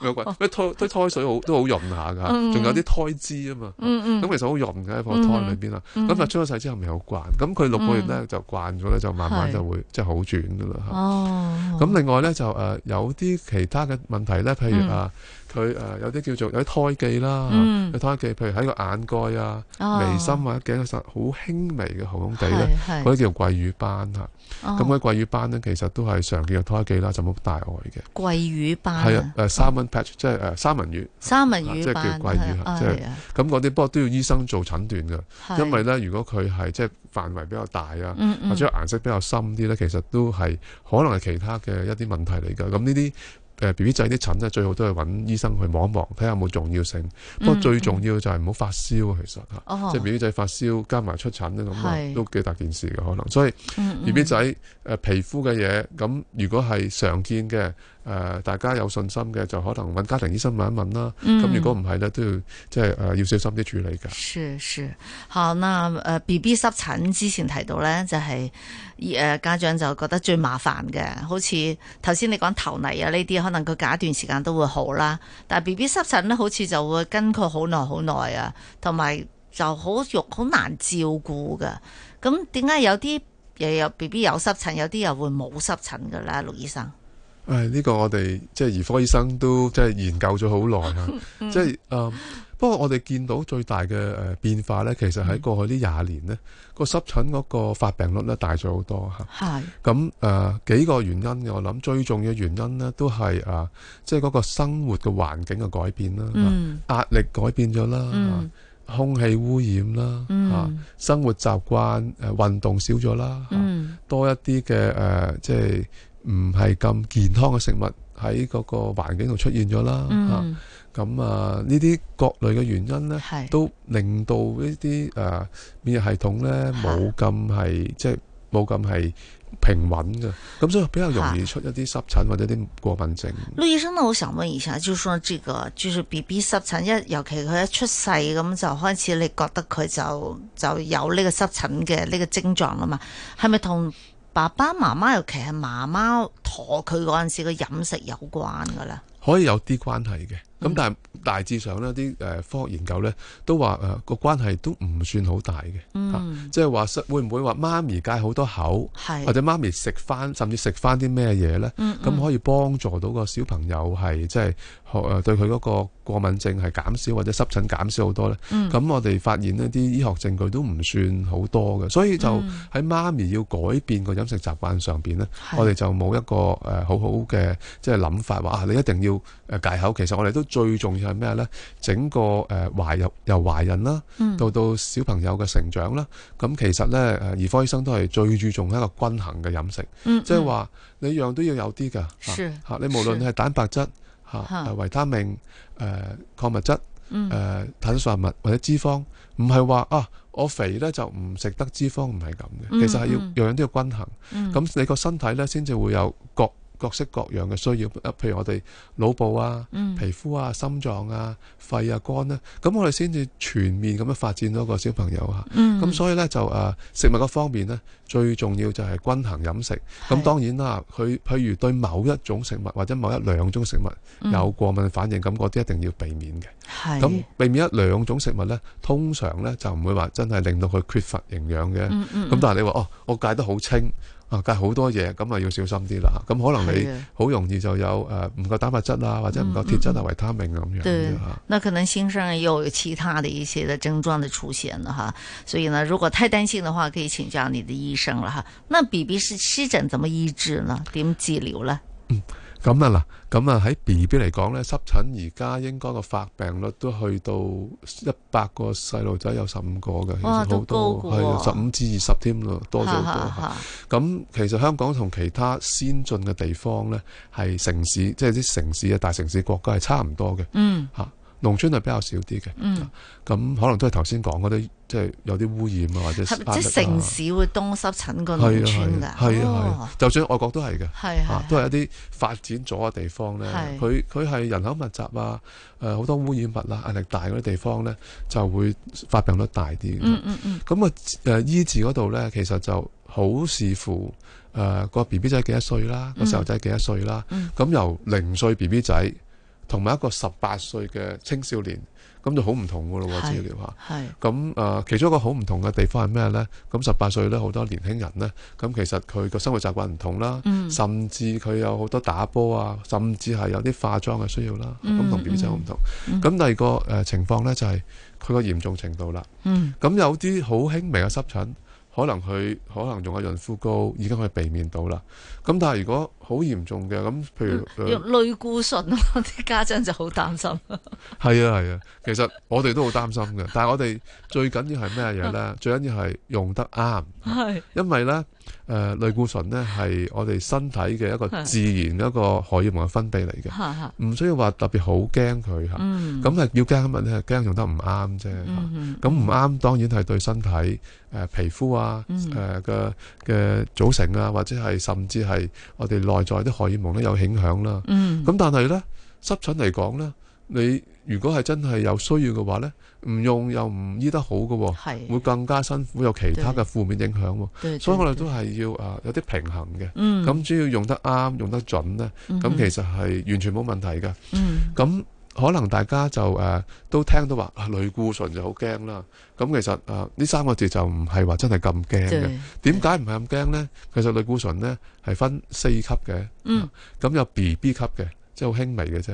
咪 慣，啲、哦、胎、哦、胎水好都好潤下噶，仲、嗯、有啲胎脂啊嘛，咁、嗯嗯嗯嗯、其實好潤嘅喺個胎裏邊啊，咁、嗯、但、嗯、出咗世之後咪好慣，咁、嗯、佢、嗯、六個月咧就慣咗咧。就慢慢就會是即係好轉噶啦嚇。咁、哦、另外咧就誒、呃、有啲其他嘅問題咧，譬如啊。嗯佢誒、呃、有啲叫做有啲胎記啦，有胎記，譬如喺個眼蓋啊、哦、眉心或者頸嗰度，好輕微嘅紅紅地咧，嗰啲叫做鮭魚斑嚇。咁嗰啲鮭魚斑咧，其實都係常見嘅胎記啦，就冇大礙嘅。鮭魚斑係啊，誒三、啊、文 patch、嗯、即係誒三文魚，三、啊、文魚、啊、即係叫鮭魚嚇。咁嗰啲不過都要醫生做診斷嘅，因為咧，如果佢係即係範圍比較大嗯嗯啊，或者顏色比較深啲咧，其實都係可能係其他嘅一啲問題嚟㗎。咁呢啲誒 B B 仔啲疹咧，最好都係揾醫生去望一望，睇下有冇重要性。不過、嗯、最重要就係唔好發燒，嗯、其實嚇，哦、即係 B B 仔發燒加埋出疹咧，咁是都幾大件事嘅可能。所以 B B、嗯、仔誒、呃、皮膚嘅嘢，咁如果係常見嘅。誒、呃，大家有信心嘅就可能揾家庭醫生問一問啦。咁、嗯、如果唔係咧，都要即係誒要小心啲處理㗎。是是好，那誒、呃、B B 濕疹之前提到咧，就係、是、誒、呃、家長就覺得最麻煩嘅，好似頭先你講頭泥啊呢啲，可能佢隔一段時間都會好啦。但 B B 濕疹咧，好似就會跟佢好耐好耐啊，同埋就好肉好難照顧㗎。咁點解有啲又有 B B 有濕疹，有啲又會冇濕疹㗎啦，陸醫生？誒、哎，呢、呢個我哋即係兒科醫生都即係研究咗好耐吓，即係誒， 即係啊、 不過我哋見到最大嘅誒變化咧，其實喺過去呢廿年咧，嗯嗰個濕疹嗰個發病率咧大咗好多吓。係咁誒，幾個原因嘅，我諗最重要嘅原因咧都係啊，即係嗰個生活嘅環境嘅改變啦，壓、啊嗯、力改變咗啦、啊嗯，空氣污染啦，吓、啊嗯、生活習慣誒運動少咗啦、啊嗯，多一啲嘅誒即係。唔係咁健康嘅食物喺嗰個環境度出現咗啦嚇，咁、嗯、啊呢啲、啊、各類嘅原因咧，都令到呢啲誒免疫系統咧冇咁係即係冇咁係平穩嘅，咁、啊、所以比較容易出一啲濕疹或者啲過敏症。陸醫生，呢我想問一下，就說呢、這個就是 BB 濕疹，一尤其佢一出世咁就開始，你覺得佢就就有呢個濕疹嘅呢個症狀啦嘛？係咪同？爸爸媽媽尤其係媽媽餵佢嗰陣時個飲食有關噶啦，可以有啲關係嘅。咁、嗯、但係大致上呢啲誒科學研究呢都話誒個關係都唔算好大嘅，即係話會唔會話媽咪戒好多口，或者媽咪食翻甚至食翻啲咩嘢呢？咁、嗯嗯、可以幫助到個小朋友係即係。即係誒，對佢嗰個過敏症係減少或者濕疹減少好多咧。咁、嗯、我哋發現呢啲醫學證據都唔算好多嘅，所以就喺媽咪要改變個飲食習慣上邊咧、嗯，我哋就冇一個誒好好嘅即係諗法，話、啊、你一定要誒戒口。其實我哋都最重要係咩咧？整個誒懷孕由懷孕啦，到到小朋友嘅成長啦，咁、嗯、其實咧誒兒科醫生都係最注重一個均衡嘅飲食，即係話你樣都要有啲噶吓，你無論係蛋白質。係、啊、維、啊、他命，誒、呃、礦物質，誒碳水化合物或者脂肪，唔係話啊我肥咧就唔食得脂肪，唔係咁嘅，其實係要有樣樣都要均衡，咁、嗯、你個身體咧先至會有覺。各式各樣嘅需要，譬如我哋腦部啊，皮膚啊，心臟啊，肺啊，肝啊，咁我哋先至全面咁樣發展到一個小朋友吓，咁所以呢，就，呃，食物嘅方面呢，最重要就係均衡飲食，咁當然啦，佢譬如對某一種食物，或者某一兩種食物，有過敏反應，咁嗰啲一定要避免嘅，咁避免一兩種食物呢，通常呢，就唔會話真係令到佢缺乏營養嘅，咁但係你話，哦，我戒得好清，啊，梗係好多嘢，咁啊要小心啲啦。咁、啊、可能你好容易就有誒唔夠蛋白質啦，或者唔夠鐵質啊、維、嗯嗯、他命啊咁樣。對，那可能新生又有其他的一些嘅症狀嘅出現啦，哈、啊。所以呢，如果太擔心的話，可以請教你的醫生啦，哈、啊。那 BB 是濕疹，怎麼醫治呢？點治療呢？嗯咁啊嗱，咁啊喺 BB 嚟講咧，濕疹而家應該個發病率都去到一百個細路仔有十五個嘅，其實好多係十五至二十添咯，多咗好多。咁其實香港同其他先進嘅地方咧，係城市，即係啲城市啊、大城市國家係差唔多嘅。嗯，嚇。農村係比較少啲嘅，咁、嗯嗯、可能都係頭先講嗰啲，即係有啲污染啊，或者即係城市會多濕疹過農村噶，係啊係，就算外國都係嘅，係係、啊，都係一啲發展咗嘅地方咧，佢佢係人口密集啊，誒、呃、好多污染物啊，壓力大嗰啲地方咧就會發病率大啲、嗯。嗯、咁啊誒醫治嗰度咧，其實就好視乎誒個 B B 仔幾多歲啦，個細路仔幾多歲啦，咁由零歲 B B 仔。嗯嗯同埋一個十八歲嘅青少年，咁就好唔同噶咯喎，治療吓。係。咁、呃、其中一個好唔同嘅地方係咩呢？咁十八歲咧，好多年輕人呢，咁其實佢個生活習慣唔同啦，嗯、甚至佢有好多打波啊，甚至係有啲化妝嘅需要啦，咁同 BB 好唔同。咁、嗯、第二個、呃、情況呢，就係佢個嚴重程度啦。嗯。咁有啲好輕微嘅濕疹，可能佢可能用個潤膚膏已經可以避免到啦。咁但係如果好嚴重嘅咁，譬如譬如類固醇，啲家長就好擔心。係啊，係啊，其實我哋都好擔心嘅，但係我哋最緊要係咩嘢咧？最緊要係用得啱。係，因為咧，誒類固醇咧係我哋身體嘅一個自然一個荷爾蒙嘅分泌嚟嘅，唔需要話特別好驚佢嚇。咁係要驚乜咧，係驚用得唔啱啫。咁唔啱當然係對身體誒皮膚啊誒嘅嘅組成啊，或者係甚至係我哋落。內在啲荷爾蒙咧有影響啦，咁但係咧濕疹嚟講咧，你如果係真係有需要嘅話咧，唔用又唔醫得好嘅，會更加辛苦，有其他嘅負面影響，所以我哋都係要啊有啲平衡嘅，咁只要用得啱，用得準咧，咁其實係完全冇問題嘅，咁。可能大家就誒都聽到話類固醇就好驚啦，咁其實啊呢三個字就唔係話真係咁驚嘅。點解唔係咁驚咧？其實類固醇咧係分四級嘅，咁有 BB 級嘅，即係好輕微嘅啫。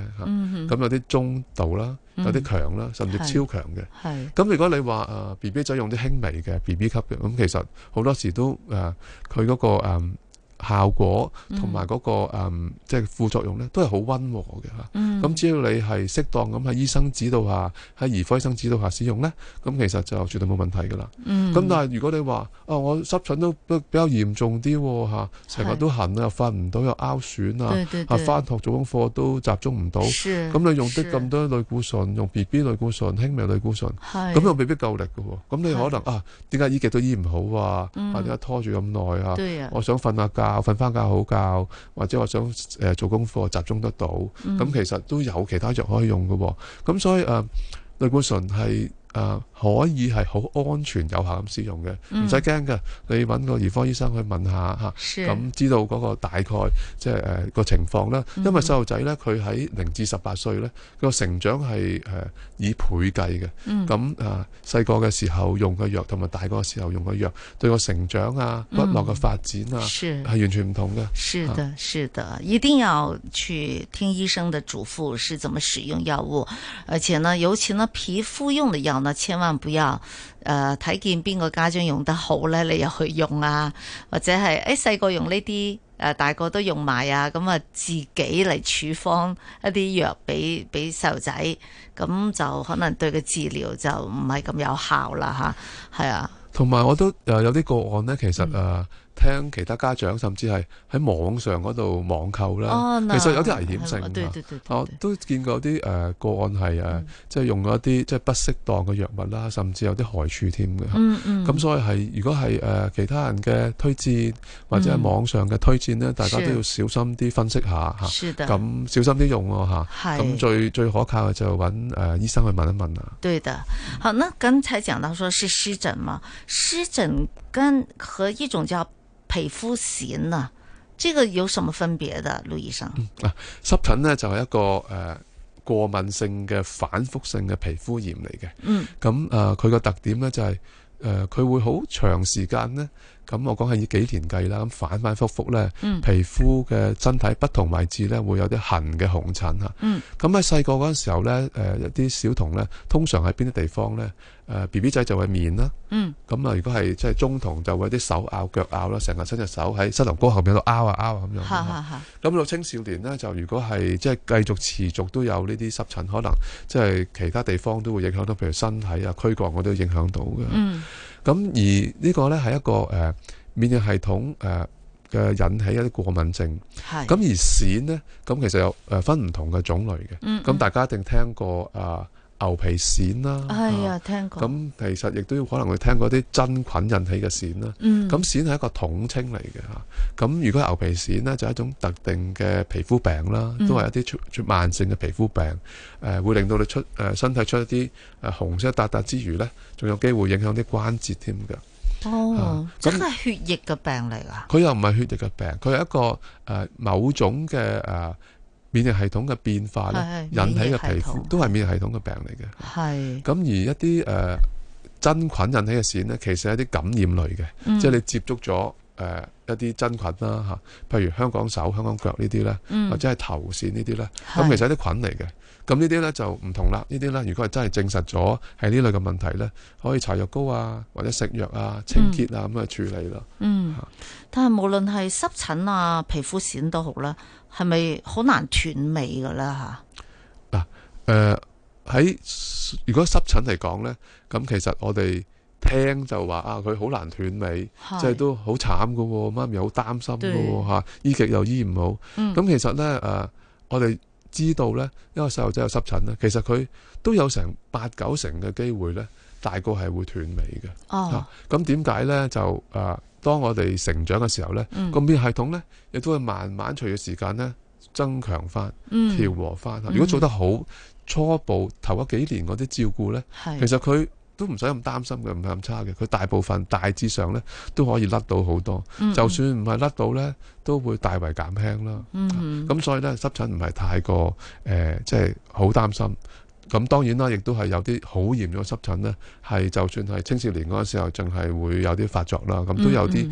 咁有啲中度啦，有啲強啦，甚至超強嘅。咁如果你話啊 BB 仔用啲輕微嘅 BB 級嘅，咁其實好多時都誒佢嗰個誒。效果同埋嗰個誒，即係副作用咧，都係好溫和嘅嚇。咁只要你係適當咁喺醫生指導下，喺兒科醫生指導下使用咧，咁其實就絕對冇問題㗎喇。咁但係如果你話啊，我濕疹都比較嚴重啲喎嚇，成日都痕啊，又瞓唔到，又拗損啊，嚇返學做功課都集中唔到，咁你用啲咁多類固醇，用 BB 類固醇、輕微類固醇，咁又未必夠力㗎喎。咁你可能啊，點解醫極都醫唔好啊？嚇，點解拖住咁耐啊？我想瞓下覺。瞓翻覺好覺，或者我想誒、呃、做功課集中得到，咁、嗯、其實都有其他藥可以用嘅喎、啊，咁所以誒，類固醇係。誒、啊、可以係好安全有效咁使用嘅，唔使驚㗎。你揾個兒科醫生去問下嚇，咁、啊、知道嗰個大概即係誒個情況啦。因為細路仔呢，佢喺零至十八歲呢，個、嗯、成長係、呃、以倍計嘅。咁、嗯、啊細個嘅時候用嘅藥同埋大個嘅時候用嘅藥對個成長啊、骨骼嘅發展啊，係、嗯、完全唔同嘅。是的、啊，是的，一定要去聽醫生嘅囑咐，是怎麼使用藥物，而且呢，尤其呢皮膚用嘅藥。嗱，千萬不要，誒、呃，睇見邊個家長用得好咧，你又去用啊，或者係誒細個用呢啲，誒、呃、大個都用埋啊，咁啊自己嚟處方一啲藥俾俾細路仔，咁就可能對個治療就唔係咁有效啦，吓，係啊。同埋我都有啲個案呢，其實誒。嗯聽其他家長，甚至係喺網上嗰度網購啦、哦，其實有啲危險性啊！我都見過啲誒、呃、個案係誒、嗯，即係用咗一啲即係不適當嘅藥物啦，甚至有啲害處添嘅。咁、嗯嗯、所以係如果係誒、呃、其他人嘅推薦或者係網上嘅推薦咧、嗯，大家都要小心啲分析一下嚇。咁、啊、小心啲用喎、啊、嚇。咁、啊、最最可靠嘅就揾誒、呃、醫生去問一問啦、啊。對的，好。呢、嗯、剛才講到，說是濕疹嘛，濕疹跟和一種叫。皮膚癬啊，這個有什麼分別的，陸醫生？嗯、啊，濕疹呢，就係、是、一個誒、呃、過敏性嘅反覆性嘅皮膚炎嚟嘅。嗯。咁、嗯、誒，佢、呃、個特點呢，就係、是、誒，佢、呃、會好長時間呢。咁、嗯嗯嗯嗯嗯嗯嗯、我講係以幾年計啦，咁反反覆覆呢，皮膚嘅身體不同位置呢，會有啲痕嘅紅疹、啊、嗯。咁喺細個嗰陣時候呢，誒、呃、有啲小童呢，通常喺邊啲地方呢？誒 B B 仔就會面啦，嗯，咁啊，如果係即係中童就會有啲手拗腳拗啦，成日伸隻手喺膝頭哥後邊度拗啊拗啊咁樣，係係係，咁到青少年咧，就如果係即係繼續持續都有呢啲濕疹，可能即係其他地方都會影響到，譬如身體啊、軀幹我都影響到嘅。嗯，咁而呢個咧係一個誒、呃、免疫系統誒嘅引起一啲過敏症。係。咁而癬咧，咁其實有分唔同嘅種類嘅。咁、嗯嗯、大家一定聽過啊。呃牛皮癬啦，哎呀，聽過。咁其實亦都可能會聽過啲真菌引起嘅癬啦。咁癬係一個統稱嚟嘅嚇。咁如果係牛皮癬咧，就係一種特定嘅皮膚病啦，都係一啲出慢性嘅皮膚病。誒會令到你出誒身體出一啲紅色笪笪之餘咧，仲有機會影響啲關節添㗎。哦，真係血液嘅病嚟㗎？佢又唔係血液嘅病，佢係一個誒某種嘅誒。免疫系統嘅變化咧，引起嘅皮膚都係免疫系統嘅病嚟嘅。係咁而一啲誒、呃、真菌引起嘅癬咧，其實係一啲感染類嘅，嗯，即係你接觸咗誒、呃、一啲真菌啦吓，譬如香港手、香港腳呢啲啦，或者係頭癬呢啲啦。咁，嗯、其實係一啲菌嚟嘅。咁呢啲咧就唔同啦，呢啲咧如果係真係證實咗係呢類嘅問題咧，可以搽藥膏啊，或者食藥啊，清潔啊咁，嗯、去處理咯。嗯、啊、但係無論係濕疹啊、皮膚癬都好啦。係咪好難斷尾噶啦吓？嗱、啊，誒、呃，喺如果濕疹嚟講咧，咁其實我哋聽就話啊，佢好難斷尾，即係、就是、都好慘噶，媽咪好擔心噶，吓、啊、醫極又醫唔好。咁、嗯、其實咧，誒、啊，我哋知道咧，因為細路仔有濕疹咧，其實佢都有成八九成嘅機會咧，大個係會斷尾嘅。哦，咁點解咧就誒？啊當我哋成長嘅時候呢，咁、嗯、免疫系統呢亦都會慢慢隨住時間呢，增強返、嗯，調和返。如果做得好，嗯、初步頭一幾年嗰啲照顧呢，其實佢都唔使咁擔心嘅，唔係咁差嘅。佢大部分大致上呢都可以甩到好多、嗯，就算唔係甩到呢，都會大為減輕啦。咁、嗯嗯、所以呢，濕疹唔係太過誒，即係好擔心。咁當然啦，亦都係有啲好嚴重嘅濕疹咧，係就算係青少年嗰時候，淨係會有啲發作啦。咁都有啲誒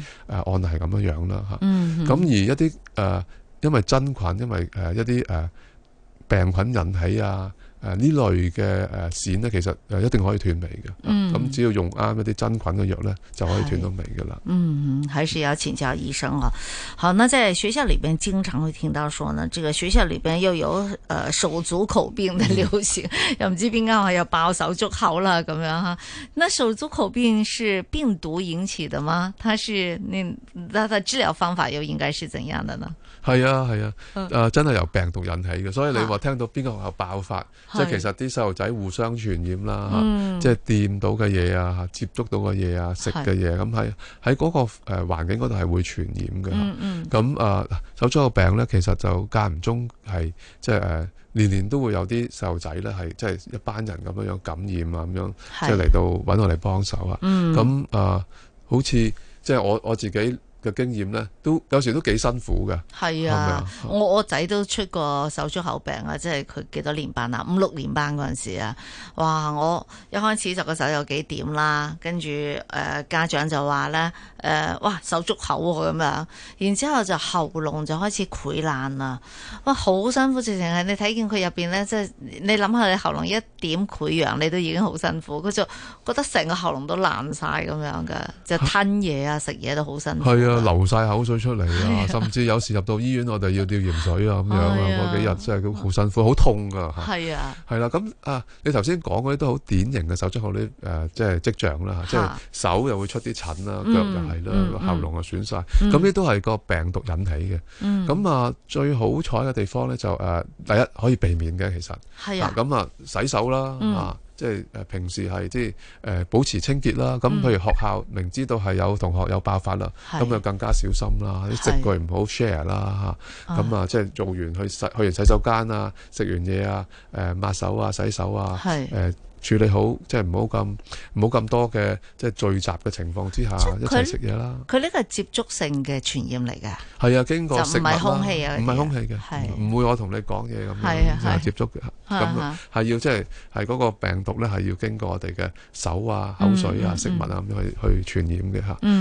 案例係咁樣樣啦吓。咁而一啲、呃、因為真菌，因為、呃、一啲、呃、病菌引起啊。誒、呃，類呃、呢類嘅誒癬咧，其實誒、呃、一定可以斷尾嘅。嗯，咁、啊、只要用啱一啲真菌嘅藥咧，就可以斷到尾㗎啦。嗯，還是要請教醫生啊。好，那在學校裏邊經常會聽到說呢，這個學校裏邊又有誒、呃、手足口病嘅流行，嗯、又唔知邊間話有爆手足口啦咁樣吓。那手足口病是病毒引起的嗎？它是你，它的治療方法又應該是怎樣的呢？係啊係啊，誒、啊呃、真係由病毒引起嘅，所以你話聽到邊個學校爆發？即係其實啲細路仔互相傳染啦、嗯，即係掂到嘅嘢啊，接觸到嘅嘢啊，食嘅嘢，咁喺喺嗰個誒環境嗰度係會傳染嘅。咁、嗯、啊、嗯呃，手足口病咧，其實就間唔中係即係誒、呃、年年都會有啲細路仔咧係即係一班人咁樣樣感染啊咁樣，即係嚟到搵我嚟幫手啊。咁、嗯、啊、呃，好似即係我我自己嘅經驗咧，都有時都幾辛苦㗎。係啊，係係我我仔都出過手足口病啊，即係佢幾多年班啊，五六年班嗰陣時啊，哇！我一開始就個手就有幾點啦，跟住、呃、家長就話咧，嘩、呃，哇手足口喎、啊、咁樣，然之後就喉嚨就開始潰爛啦，哇好辛苦！直情係你睇見佢入面咧，即、就、係、是、你諗下你喉嚨一點潰瘍，你都已經好辛苦，佢就覺得成個喉嚨都爛晒咁樣㗎，就吞嘢啊食嘢、啊、都好辛苦。流晒口水出嚟啊，甚至有時入到醫院，我哋要吊鹽水啊咁樣啊，嗰、啊、幾日真係好辛苦，好痛噶。係啊，係啦、啊，咁啊，啊，你頭先講嗰啲都好典型嘅手足口啲誒，即係跡象啦、啊，即係手又會出啲疹啦，腳又係啦，喉嚨又損晒，咁、嗯、呢都係個病毒引起嘅。咁、嗯、啊，最好彩嘅地方咧就誒、呃，第一可以避免嘅其實，咁啊，啊洗手啦、嗯、啊。即係誒平時係即係誒保持清潔啦，咁譬如學校明知道係有同學有爆發啦，咁、嗯、就更加小心啦，啲食具唔好 share 啦，吓，咁啊，即係做完去洗去完洗手間啊，食完嘢啊誒抹手啊、洗手啊誒處理好，即係唔好咁唔好咁多嘅即係聚集嘅情況之下一齊食嘢啦。佢呢個係接觸性嘅傳染嚟㗎，係啊，經過食物唔、啊、係空氣，空氣啊，唔係空氣嘅，唔、啊、會我同你講嘢咁樣啊，接觸咁係、啊、要即係嗰個病毒咧，係要經過我哋嘅手啊、口水啊、嗯、食物啊咁、嗯、去去傳染嘅。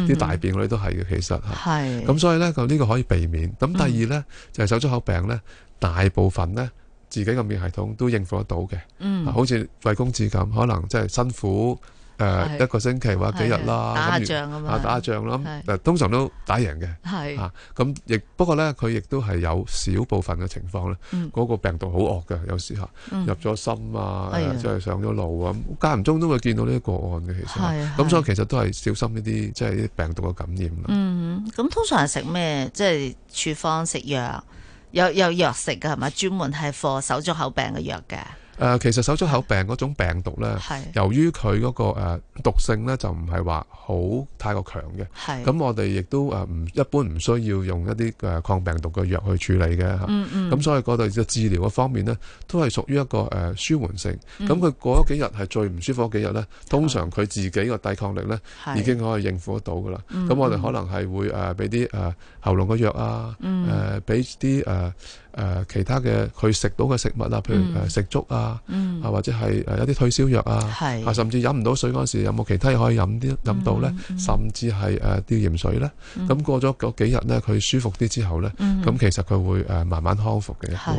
啲大便嗰啲都係嘅，其實嚇。咁、啊啊啊、所以咧，就、這、呢個可以避免。咁第二咧、嗯，就係、是、手足口病咧，大部分咧。自己個免疫系統都應付得到嘅，嗯，啊、好似貴公子咁，可能即係辛苦誒、呃、一個星期或者幾日啦，打仗咁啊，打仗啦、啊，通常都打贏嘅，係啊，咁亦不過咧，佢亦都係有少部分嘅情況咧，嗰、嗯嗰個病毒好惡嘅，有時嚇、啊嗯、入咗心啊，即係上咗腦啊，就是、路間唔中都會見到呢個案嘅其實，咁所以其實都係小心呢啲即係病毒嘅感染啦。嗯，咁通常係食咩即係處方食藥？有有藥食嘅係嘛？專門係 for 手足口病嘅藥嘅。誒、呃、其實手足口病嗰種病毒咧，由於佢嗰個誒毒性咧，就唔係話好太過強嘅。咁我哋亦都誒，唔一般唔需要用一啲誒抗病毒嘅藥去處理嘅。咁、嗯嗯、所以嗰度嘅治療嘅方面咧，都係屬於一個誒舒緩性。咁、嗯、佢過咗幾日係最唔舒服嗰幾日咧，通常佢自己個抵抗力咧已經可以應付得到噶啦。咁、嗯、我哋可能係會誒俾啲誒喉嚨嘅藥啊，誒俾啲誒。呃誒、呃、其他嘅佢食到嘅食物啊，譬如誒、嗯、食粥啊，啊、嗯、或者係誒一啲退燒藥啊，啊甚至飲唔到水嗰陣時，有冇其他嘢可以飲啲飲到咧？甚至係誒吊鹽水咧？咁、嗯嗯嗯、過咗嗰幾日咧，佢舒服啲之後咧，咁、嗯、其實佢會誒慢慢康復嘅、嗯。係。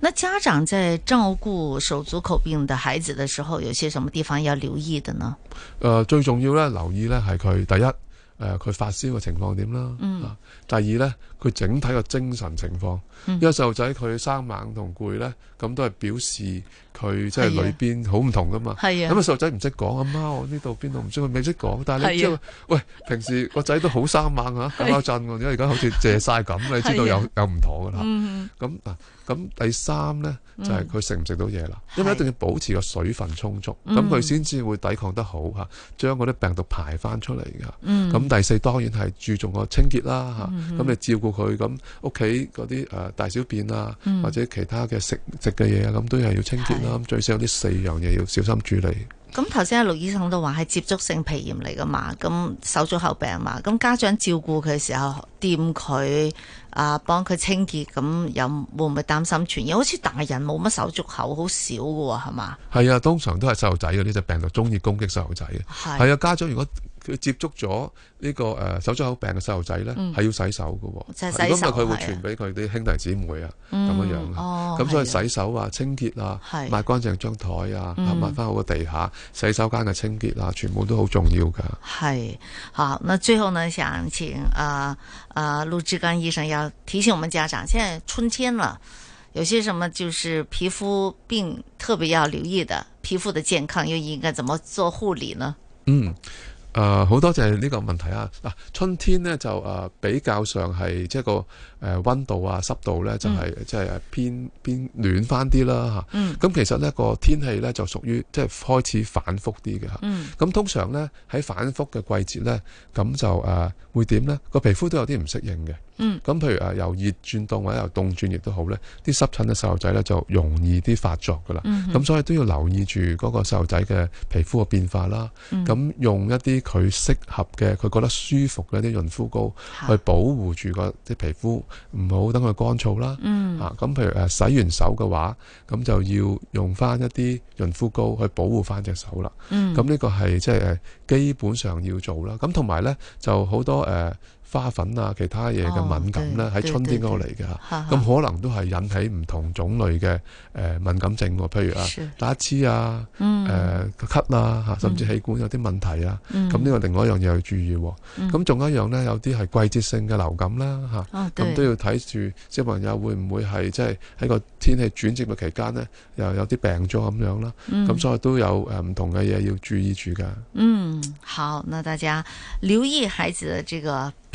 那家長在照顧手足口病的孩子的時候，有些什麼地方要留意的呢？誒、呃、最重要咧，要留意咧係佢第一，誒佢發燒嘅情況點啦。嗯。第二咧，佢整體個精神情況、嗯，因為細路仔佢生猛同攰咧，咁都係表示佢即係裏邊好唔同噶嘛。咁啊，細路仔唔識講啊，媽，我呢度邊度唔舒服佢未識講。但係你知道，喂，平時個仔都好生猛啊，搞搞震喎，而家好似謝晒咁，你知道有有唔妥噶啦。咁、嗯、啊，咁第三咧就係佢食唔食到嘢啦、嗯，因為一定要保持個水分充足，咁佢先至會抵抗得好嚇，將嗰啲病毒排翻出嚟㗎。咁、嗯、第四當然係注重個清潔啦、嗯咁、嗯、你照顧佢，咁屋企嗰啲誒大小便啊，嗯、或者其他嘅食食嘅嘢啊，咁都係要清潔啦。最少有呢四樣嘢要小心處理。咁頭先阿陸醫生都話係接觸性皮炎嚟㗎嘛，咁手足口病嘛，咁家長照顧佢嘅時候掂佢啊，幫佢清潔，咁又會唔會擔心傳染？好似大人冇乜手足口，好少㗎喎、啊，係嘛？係啊，通常都係細路仔嘅呢隻病毒中意攻擊細路仔嘅。係啊，啊，家長如果接觸咗呢、這個誒、呃、手足口病嘅細路仔咧，係、嗯、要洗手嘅、哦，咁啊佢會傳俾佢啲兄弟姊妹啊，咁、啊、樣樣、啊，咁、嗯哦、所以洗手啊、清潔啊、抹、啊啊、乾淨張台啊、抹翻、啊啊、好個地下、嗯、洗手間嘅清潔啊，全部都好重要噶。係好。那最後呢，想請啊啊陸志剛醫生要提醒我們家長，現在春天了，有些什麼就是皮膚病特別要留意的，皮膚的健康又應該怎麼做護理呢？嗯。誒、呃，好多謝呢個問題啊！嗱，春天咧就誒、呃、比較上係即係個誒温度啊、濕度咧，就係即係偏偏暖翻啲啦吓。咁、嗯、其實咧個天氣咧就屬於即係開始反覆啲嘅吓。咁、嗯、通常咧喺反覆嘅季節咧，咁就誒、呃、會點咧？個皮膚都有啲唔適應嘅。嗯，咁譬如由熱轉凍或者由凍轉熱都好咧，啲濕疹嘅細路仔咧就容易啲發作噶啦。咁、嗯、所以都要留意住嗰個細路仔嘅皮膚嘅變化啦。咁、嗯、用一啲佢適合嘅、佢覺得舒服嘅一啲潤膚膏去保護住個啲皮膚，唔好等佢乾燥啦。嚇、嗯，咁、啊、譬如洗完手嘅話，咁就要用翻一啲潤膚膏去保護翻隻手啦。咁、嗯、呢個係即係基本上要做啦。咁同埋咧就好多、呃花粉啊，其他嘢嘅敏感咧，喺春天嗰度嚟嘅，咁可能都係引起唔同種類嘅誒、呃、敏感症、哦，譬如啊打支啊，誒、嗯呃、咳啦吓、啊，甚至氣管有啲問題啊，咁、嗯、呢、這個另外一樣嘢要注意、哦。咁、嗯、仲、嗯、一樣咧，有啲係季節性嘅流感啦吓，咁、啊啊、都要睇住小朋友會唔會係即係喺個天氣轉植嘅期間咧，又有啲病咗咁樣啦。咁、嗯、所以都有誒唔、呃、同嘅嘢要注意住噶。嗯，好，那大家留意孩子嘅、這個。